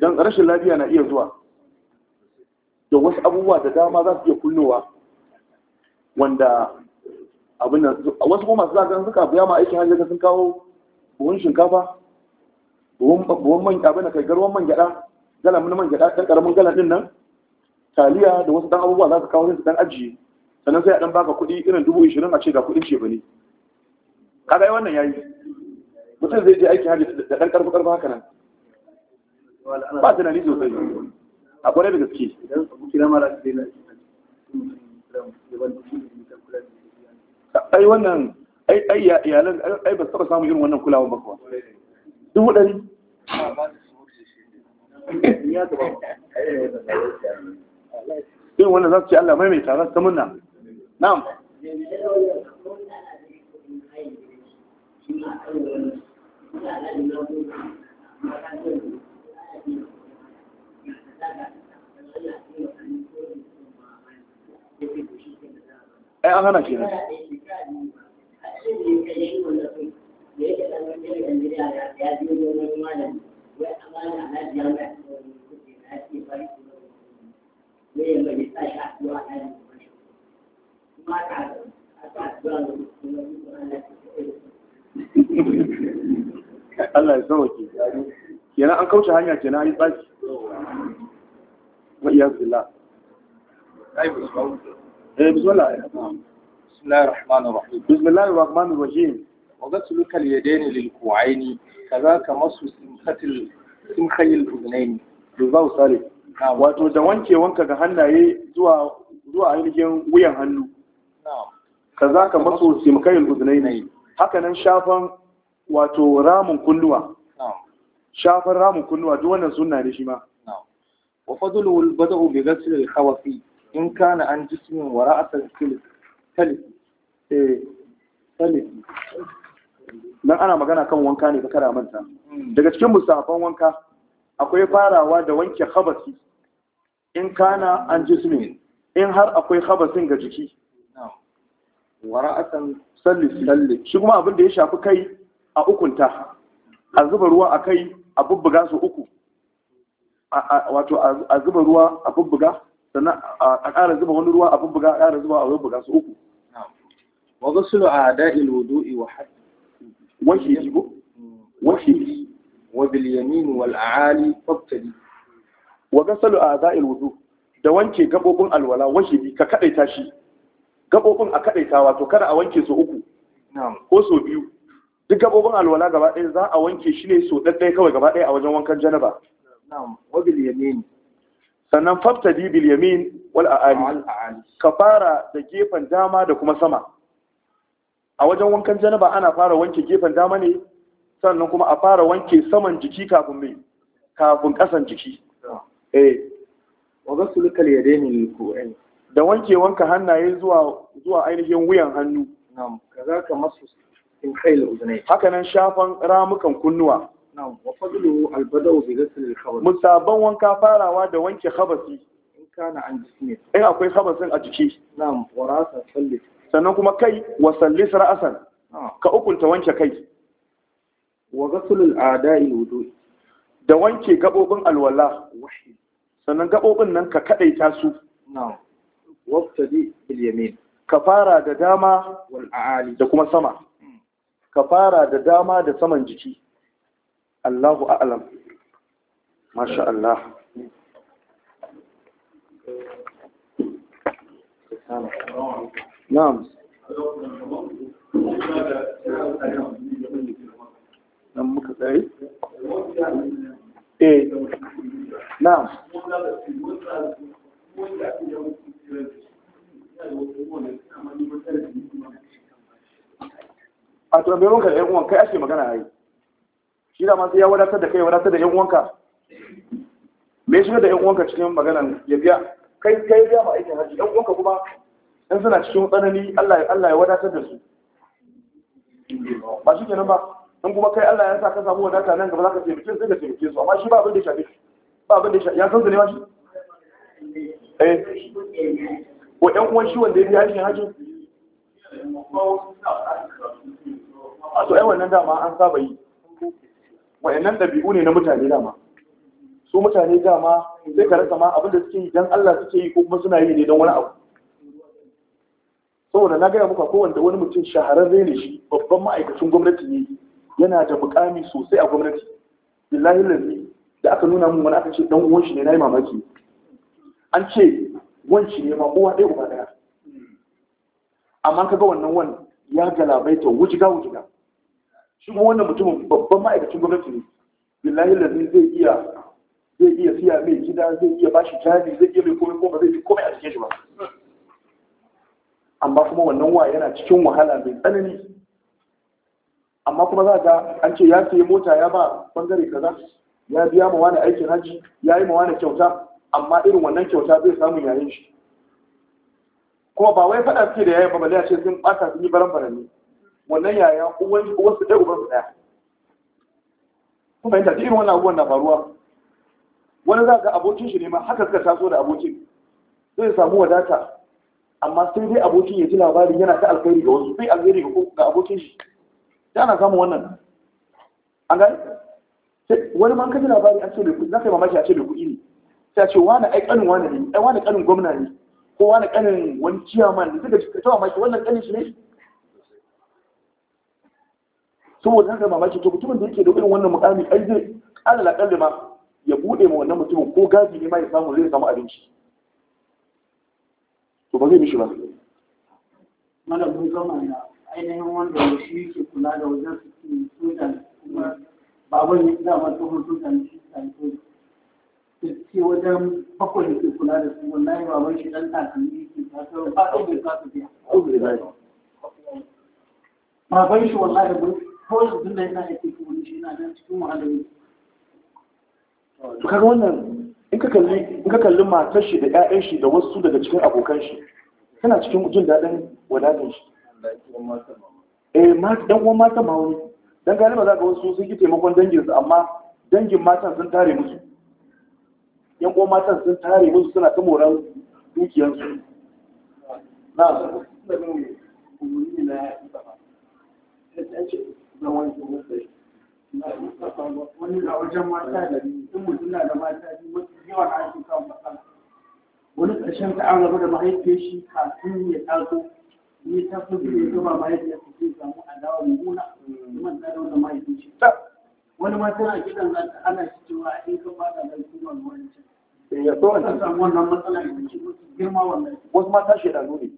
don rashin lafiya na iya zuwa da wasu abubuwa da dama za su iya kullowa wanda abin da wasu kuma masu zagan suka biya ma aikin hajji sun kawo buhun shinkafa buhun man abin da kai garwan man gyada galamin man gyada ɗan ƙaramin galan nan taliya da wasu ɗan abubuwa za su kawo su ɗan ajiye sannan sai a dan baka kuɗi irin dubu ishirin a ce ga kuɗin ce bane kaga wannan yayi mutum zai je aiki hajji da ɗan ƙarfi ƙarfi haka nan ba tunani sosai a kwarai da gaske ai wannan ai iyalan ai ba taɓa samun irin wannan kulawa ba kuwa dubu ɗari irin wannan za su ce Allah maimaita mai su ta munna na'am ai eh, an hana kenan Thank you. Allah ya sauke kenan an kauce hanya kenan na yi tsaki wa iya zila bismillah eh, rahim wa ghaslu kal yadayn lil ku'aini ka masu simkhatil simkhayil uznain bizau salih wato da wanke wanka ga hannaye zuwa zuwa ainihin wuyan hannu kazaka masu simkayil uznaini yi hakanan shafan wato ramun kunnuwa shafan ramun kunnuwa duk wannan sunna ne shi ma wa fadlu al bada'u bi ghasl al khawafi in kana an ji wa ra'atan talif eh talif dan ana magana kan wanka ne ka kara manta hmm. daga cikin musafan wanka akwai farawa da wanke khabasi in kana an jismin in har akwai khabasin ga jiki wara'atan sallisi salli shi kuma abin da ya shafi kai a ukunta a zuba ruwa a kai a bubbuga su uku wato a zuba ruwa a bubbuga sannan a ƙara zuba wani ruwa a bubbuga a ƙara zuba a bubbuga su uku wa a a wudu'i wa hadd washi yibo washi wa bil yamin wal a'ali fabtadi wa a a'da'il wudu' da wanke gabobin alwala bi ka kadaita shi gabobin a kadaita wato kada a wanke su uku ko so biyu duk gabobin alwala gaba ɗaya za a wanke shi ne so ɗaɗɗaya kawai gaba ɗaya a wajen wankan janaba sannan fafta dibil yamin wal a'ali ka fara da gefen dama da kuma sama a wajen wankan janaba ana fara wanke gefen dama ne sannan kuma a fara wanke saman jiki kafin mai kafin kasan jiki eh wa gasu kal yadaini lil ku'ain da wanke wanka hannaye zuwa zuwa ainihin wuyan hannu na'am kazaka masu in kai udunai haka nan shafan ramukan kunnuwa na'am wa fadluhu albadau bi ghusl al musabban wanka farawa da wanke khabasi in kana an jismi in akwai khabasin a jiki na'am wa rasa sallis sannan kuma kai wa sallis ra'san ka ukunta wanke kai wa ghusl al a'da'i wudu'i da wanke gabobin alwala sannan gabobin nan ka kadaita su na'am wabtadi bil yamin ka fara da dama wal aali da kuma sama ka fara da dama da saman jiki Allahu a'lam masha Allah na'am nan muka tsari eh na'am a to bai wanka da yan uwan kai ake magana yayi shi da sai ya wadatar da kai wadatar da yan uwanka me shiga da yan uwanka cikin maganan ya biya kai kai biya ba aikin haji yan uwanka kuma in suna cikin tsanani Allah ya wadatar da su ba shi kenan ba in kuma kai Allah ya sa ka samu wadata nan gaba za ka taimake sai ka taimake su amma shi ba abin da ya shafe ba abin da ya san su ne ma shi eh ko kuma uwan shi wanda ya biya shi hajji a to ai wannan dama an saba yi wayannan ɗabi'u ne na mutane dama su mutane dama sai ka rasa ma abinda suke yi don Allah suke yi ko kuma suna yi ne don wani abu saboda na gaya muka kowanne wani mutum shahararre ne shi babban ma'aikacin gwamnati ne yana da mukami sosai a gwamnati billahi lalli da aka nuna mun wani aka ce dan uwan shi ne na yi mamaki an ce wanci ne ma uwa ɗaya uba ɗaya amma kaga wannan wani ya galabaita wujiga wujiga shi kuma wannan mutumin babban ma'aikacin gwamnati ne billahi lalle zai iya zai iya siya mai gida zai iya bashi jari zai iya mai komai ko ba zai fi komai a cikin shi ba amma kuma wannan wa yana cikin wahala mai tsanani amma kuma za ga an ce ya sayi mota ya ba bangare kaza ya biya ma wani aikin haji ya yi ma wani kyauta amma irin wannan kyauta zai samu yayin shi kuma ba wai faɗa suke da yayin ba balle a ce sun ɓata sun yi baran barani wannan yaya uwan uwan su ɗaya uban su ɗaya kuma yanta irin wannan abubuwan na faruwa wani za ga abokin shi ne ma haka suka taso da abokin zai samu wadata amma sai dai abokin ya ji labarin yana ta alkhairi ga wasu sai alkhairi ga abokin shi sai ana samun wannan an gani wani man ka ji labari an ce mai kuɗi za ka yi mamaki a ce mai kuɗi ne ta ce wani aikanin wani ne ai wani kanin gwamna ne ko wani kanin wani ciyaman ne daga ka tawa maki wannan kanin shi ne saboda haka mamaki to mutumin da yake da irin wannan mukami ai zai alala kalli ma ya bude ma wannan mutumin ko gafi ne ma ya samu zai samu abinci to ba zai mishi ba malam mun ainihin wanda shi yake kula da wajen su sojan kuma babban ya dama tsohon sojan shi kan da suke wajen bakwai da ke kula da su wallahi baban shi dan takalmi ke tasar ba ɗan bai su biya. shi wallahi bai ko yanzu da yana aiki ko wani shi yana nan cikin muhallin. Tukar wannan in ka kalli in matar shi da ƴaƴan shi da wasu daga cikin abokan shi suna cikin jin daɗin wadatin shi. Eh ma dan uwan mata ma wani dan galiba za ka wasu sun ki taimakon dangin su amma dangin matan sun tare musu. yan uwan matan sun tare musu suna ta moran dukiyarsu. na wani da da mata ƙarshen ta an rabu da mahaifiyar shi kafin ya taso ni ta fi ya gaba mahaifiyar su ke samu adawa mai nuna man ta da wani shi wani ma tana gidan za ta ana shi cewa in ka kafa da kuma wani wancan ya so an samu wannan matsala ne girma wannan wasu mata shedanu ne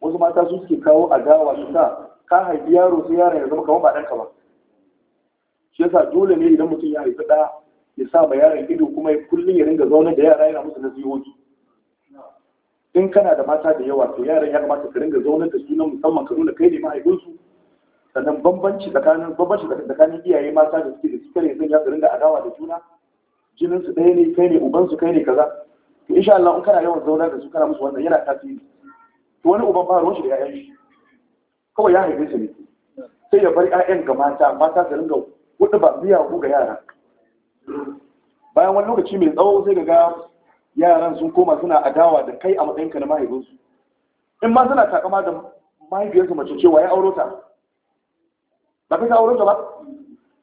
wasu mata su suke kawo adawa su sa ka haifi yaro sai yaron ya zama kamar ba ɗanka ba shi yasa dole ne idan mutum ya haifi ɗa ya sa ma yaron ido kuma kullum ya ringa zaune da yara yana musu nasihohi in kana da mata da yawa to yaran ya kamata ka ringa zaune da su na musamman ka nuna kai ne mahaifinsu sannan bambanci tsakanin bambanci tsakanin iyaye mata da suke da suke ne zan ya ringa adawa da juna jinin su ɗaya ne kai ne uban su kai ne kaza to insha Allah in kana yawan zauna da su kana musu wannan yana tasiri to wani uban ba ruwan shi da ƴaƴan shi kawai ya haife su ne sai ya bar ƴaƴan ga mata mata su ringa wuɗu ba ku ga yara bayan wani lokaci mai tsawo sai ga yaran sun koma suna adawa da kai a matsayinka na mahaifinsu in ma suna takama da mahaifiyarsa mace cewa ya auro ta ba kai ka auro ta ba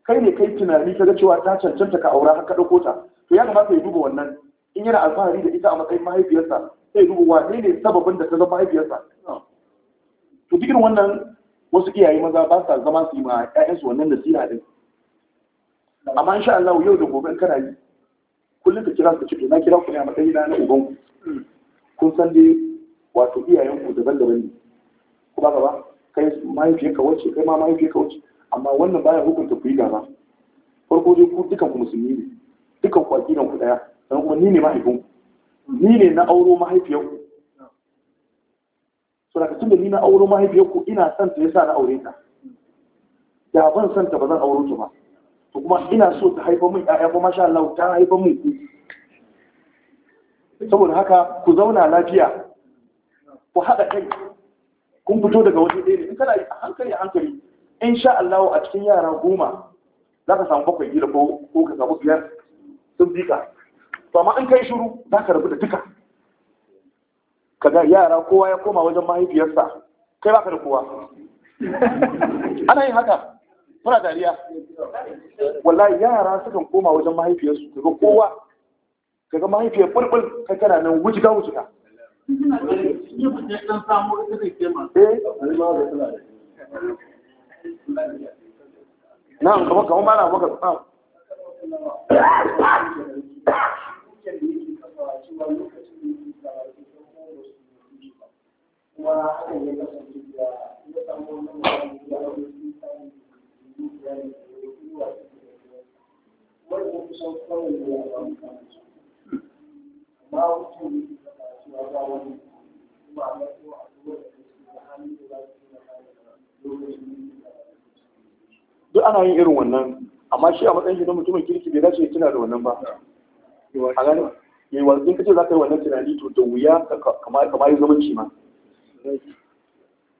kai ne kai tunani ka ga cewa ta cancanta ka aura har ka ɗauko ta to ya kamata ya duba wannan in yana alfahari da ita a matsayin mahaifiyarsa sai ya duba wane ne sababin da ta zama mahaifiyarsa to duk wannan wasu iyaye maza ba sa zama su yi ma ƴaƴansu wannan nasiha din amma insha Allah yau da gobe kana yi kullum ka kira su ce to na kira ku ne a matsayin na uban kun san dai wato iyayen ku daban-daban ne ku ba gaba kai mahaifiyar ka wacce kai ma mahaifiyar ka wacce amma wannan baya hukunta ku yi gaba farko dai ku dukan ku musulmi ne dukan ku aqidan ku daya kuma ni ne mahaifin ni ne na auro mahaifiyar ku so daga da ni na auro mahaifiyar ku ina son ta yasa na aure ta ya ban son ta ba zan auro ta ba to kuma ina so ta haifa min ƴaƴa ba masha Allah ta haifa min ku saboda haka ku zauna lafiya ku haɗa kai kun fito daga waje ɗaya ne in kana a hankali a hankali in sha Allah a cikin yara goma za ka samu bakwai gida ko ka samu biyar sun fi ka to amma in kai shuru za ka rabu da duka Ka ga yara kowa ya koma wajen mahaifiyarsa kai baka da kowa ana yin haka muna dariya wallahi yara sukan koma wajen mahaifiyarsu kaga kowa Ka ga mahaifiyar bulbul kai kana nan wujiga wujiga eh. na'am kuma kawo mana maka duk ana yin irin wannan amma shi a matsayin shi na mutumin kirki bai dace ya tuna da wannan ba a gani yayi wanzu in kace za ka yi wannan tunani to da wuya kamar kamar yi zumunci ma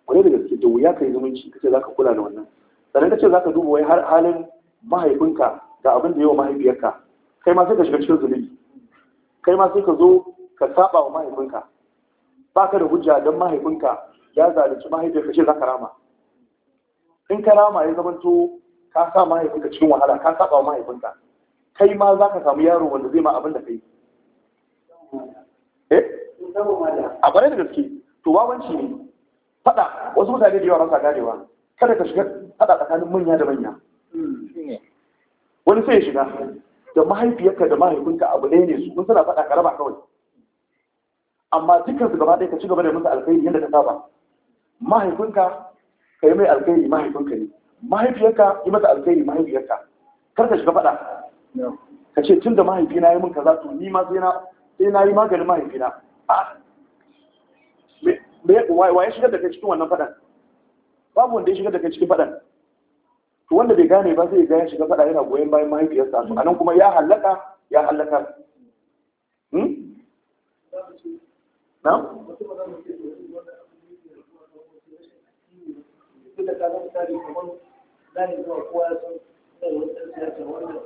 Wani da gaske da wuya ka yi zumunci kace za ka kula da wannan sannan kace za ka duba wai har halin mahaifinka da abin da yawa mahaifiyarka kai ma sai ka shiga cikin zunubi kai ma sai ka zo ka saba wa mahaifinka ba ka da hujja don mahaifinka ya zalunci mahaifiyarka shi za ka rama in ka rama ya zamanto ka sa mahaifinka cikin wahala ka saba mahaifinka kai ma za ka samu yaro wanda zai ma abin da kai eh a bare da gaske to wawanci ne fada wasu mutane da yawa ba sa ganewa kada ka shiga fada tsakanin manya da manya wani sai ya shiga da mahaifiyarka da mahaifinka abu ɗaya ne su kun suna faɗa ka raba kawai amma dukkan su gaba ɗaya ka ci gaba da musu alkhairi yadda ka saba mahaifinka ka yi mai alkhairi mahaifinka ne mahaifiyarka yi mata alkhairi mahaifiyarka kar ka shiga faɗa ka ce tun da mahaifina ya mun kaza to ni ma sai na yi maganin mahaifina wa ya shigar da kai cikin wannan faɗan babu wanda ya shigar da kai cikin faɗan to wanda bai gane ba zai ga ya shiga faɗa yana goyon bayan mahaifiyarsa a nan kuma ya hallaka ya hallaka Thank you. zai zuwa kowa ya san da wannan siyasar wannan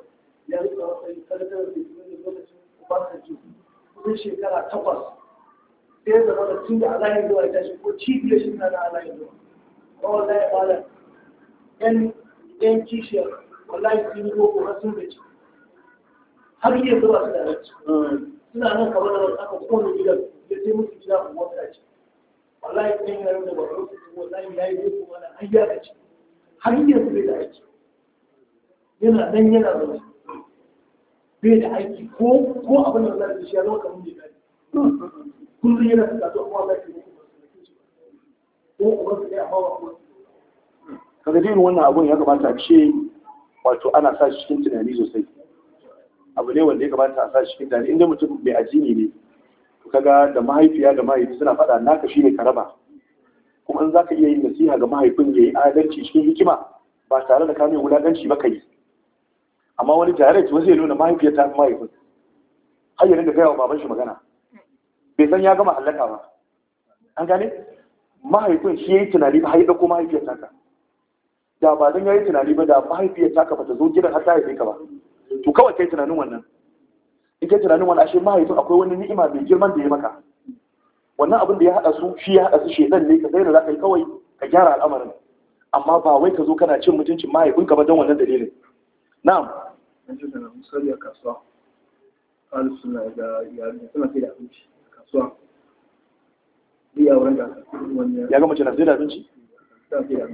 ya rika wasan karkar da kuma da lokacin ubasanci kusan shekara takwas sai zama da tun da alayin zuwa ya shi ko cibiyar shi na alayin zuwa ba wallahi ba da yan yan kishiyar wallahi sun yi ko har sun gaci har iya zuwa su da raci suna nan kamar da aka kone gidan ya sai musu gida kuma ta ce wallahi kun yi rayuwa da ba a wallahi ya yi boko wani an yi ya har yanzu bai da aiki yana dan yana zaune bai da aiki ko ko abin da zai shi ya zama kamar mai gari kullum yana da zato amma ba shi ne ko kuma su ne hawa ba ko kaga dai wannan abun ya kamata a ce wato ana sa shi cikin tunani sosai abu ne wanda ya kamata a sa shi cikin tunani inda mutum mai ajini ne kaga da mahaifiya da mahaifi suna faɗa naka shine ne ka raba in za ka iya yin nasiha ga mahaifin ya yi adalci cikin hikima ba tare da kamin wulaƙanci ba ka yi amma wani direct wasu ya nuna mahaifiyar ta mahaifin har yanzu rinka gaya wa baban shi magana bai san ya gama hallaka ba an gane mahaifin shi ya yi tunani ba har ko ɗauko mahaifiyar taka da ba don ya yi tunani ba da mahaifiyar ka ba ta zo gidan har ta haife ka ba to kawai kai tunanin wannan in kai tunanin wannan ashe mahaifin akwai wani ni'ima mai girman da ya maka wannan abin da ya haɗa su shi ya haɗa su shedan ne ka zai da zaka kawai ka gyara al'amarin amma ba wai ka zo kana cin mutuncin mahaifinka ba don wannan dalilin na'am misali a kasuwa suna da iyali suna da abinci kasuwa ya ga mace na sai da abinci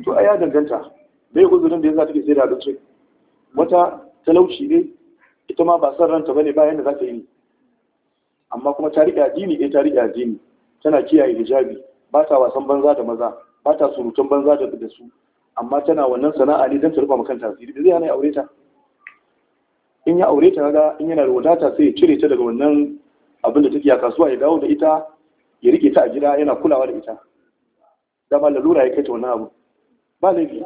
to a ya danganta bai uzurin da ya ta ke zai da abinci wata talauci ne ita ma ba son ranta bane bayan da za ta yi amma kuma ta riƙe addini ɗaya eh, ta riƙe addini tana kiyaye hijabi ba ta wasan banza da maza ba ta surutun banza da su amma tana wannan sana'a ne don ta rufa makanta asiri da zai hana ya aure ta in ya aure ta ga in yana da wadata sai ya cire ta daga wannan abin da take a kasuwa ya dawo da ita ya rike ta a gida yana kulawa da ita dama lalura ya kai ta wannan abu ba laifi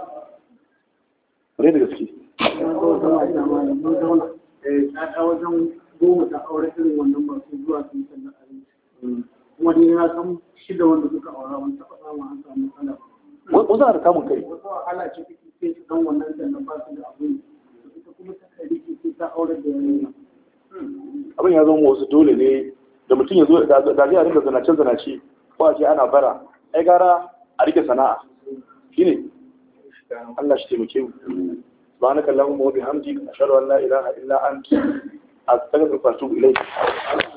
rai da gaske eh, ta wajen ta aure irin wannan masu zuwa wani ya san shida wanda suka aura wani taɓa samun an samu matsala za a da kamun kai wasu wahala ce take sai su dan wannan da ba su da abin ita kuma ta kai rike sai ta aure da yanayi abin ya zama wasu dole ne da mutum ya zo da zai a rinka zanace zanace ko a ce ana bara ai gara a rike sana'a shine Allah shi taimake mu سبحانك اللهم وبحمدك أشهد أن لا إله إلا أنت أستغفرك وأتوب إليك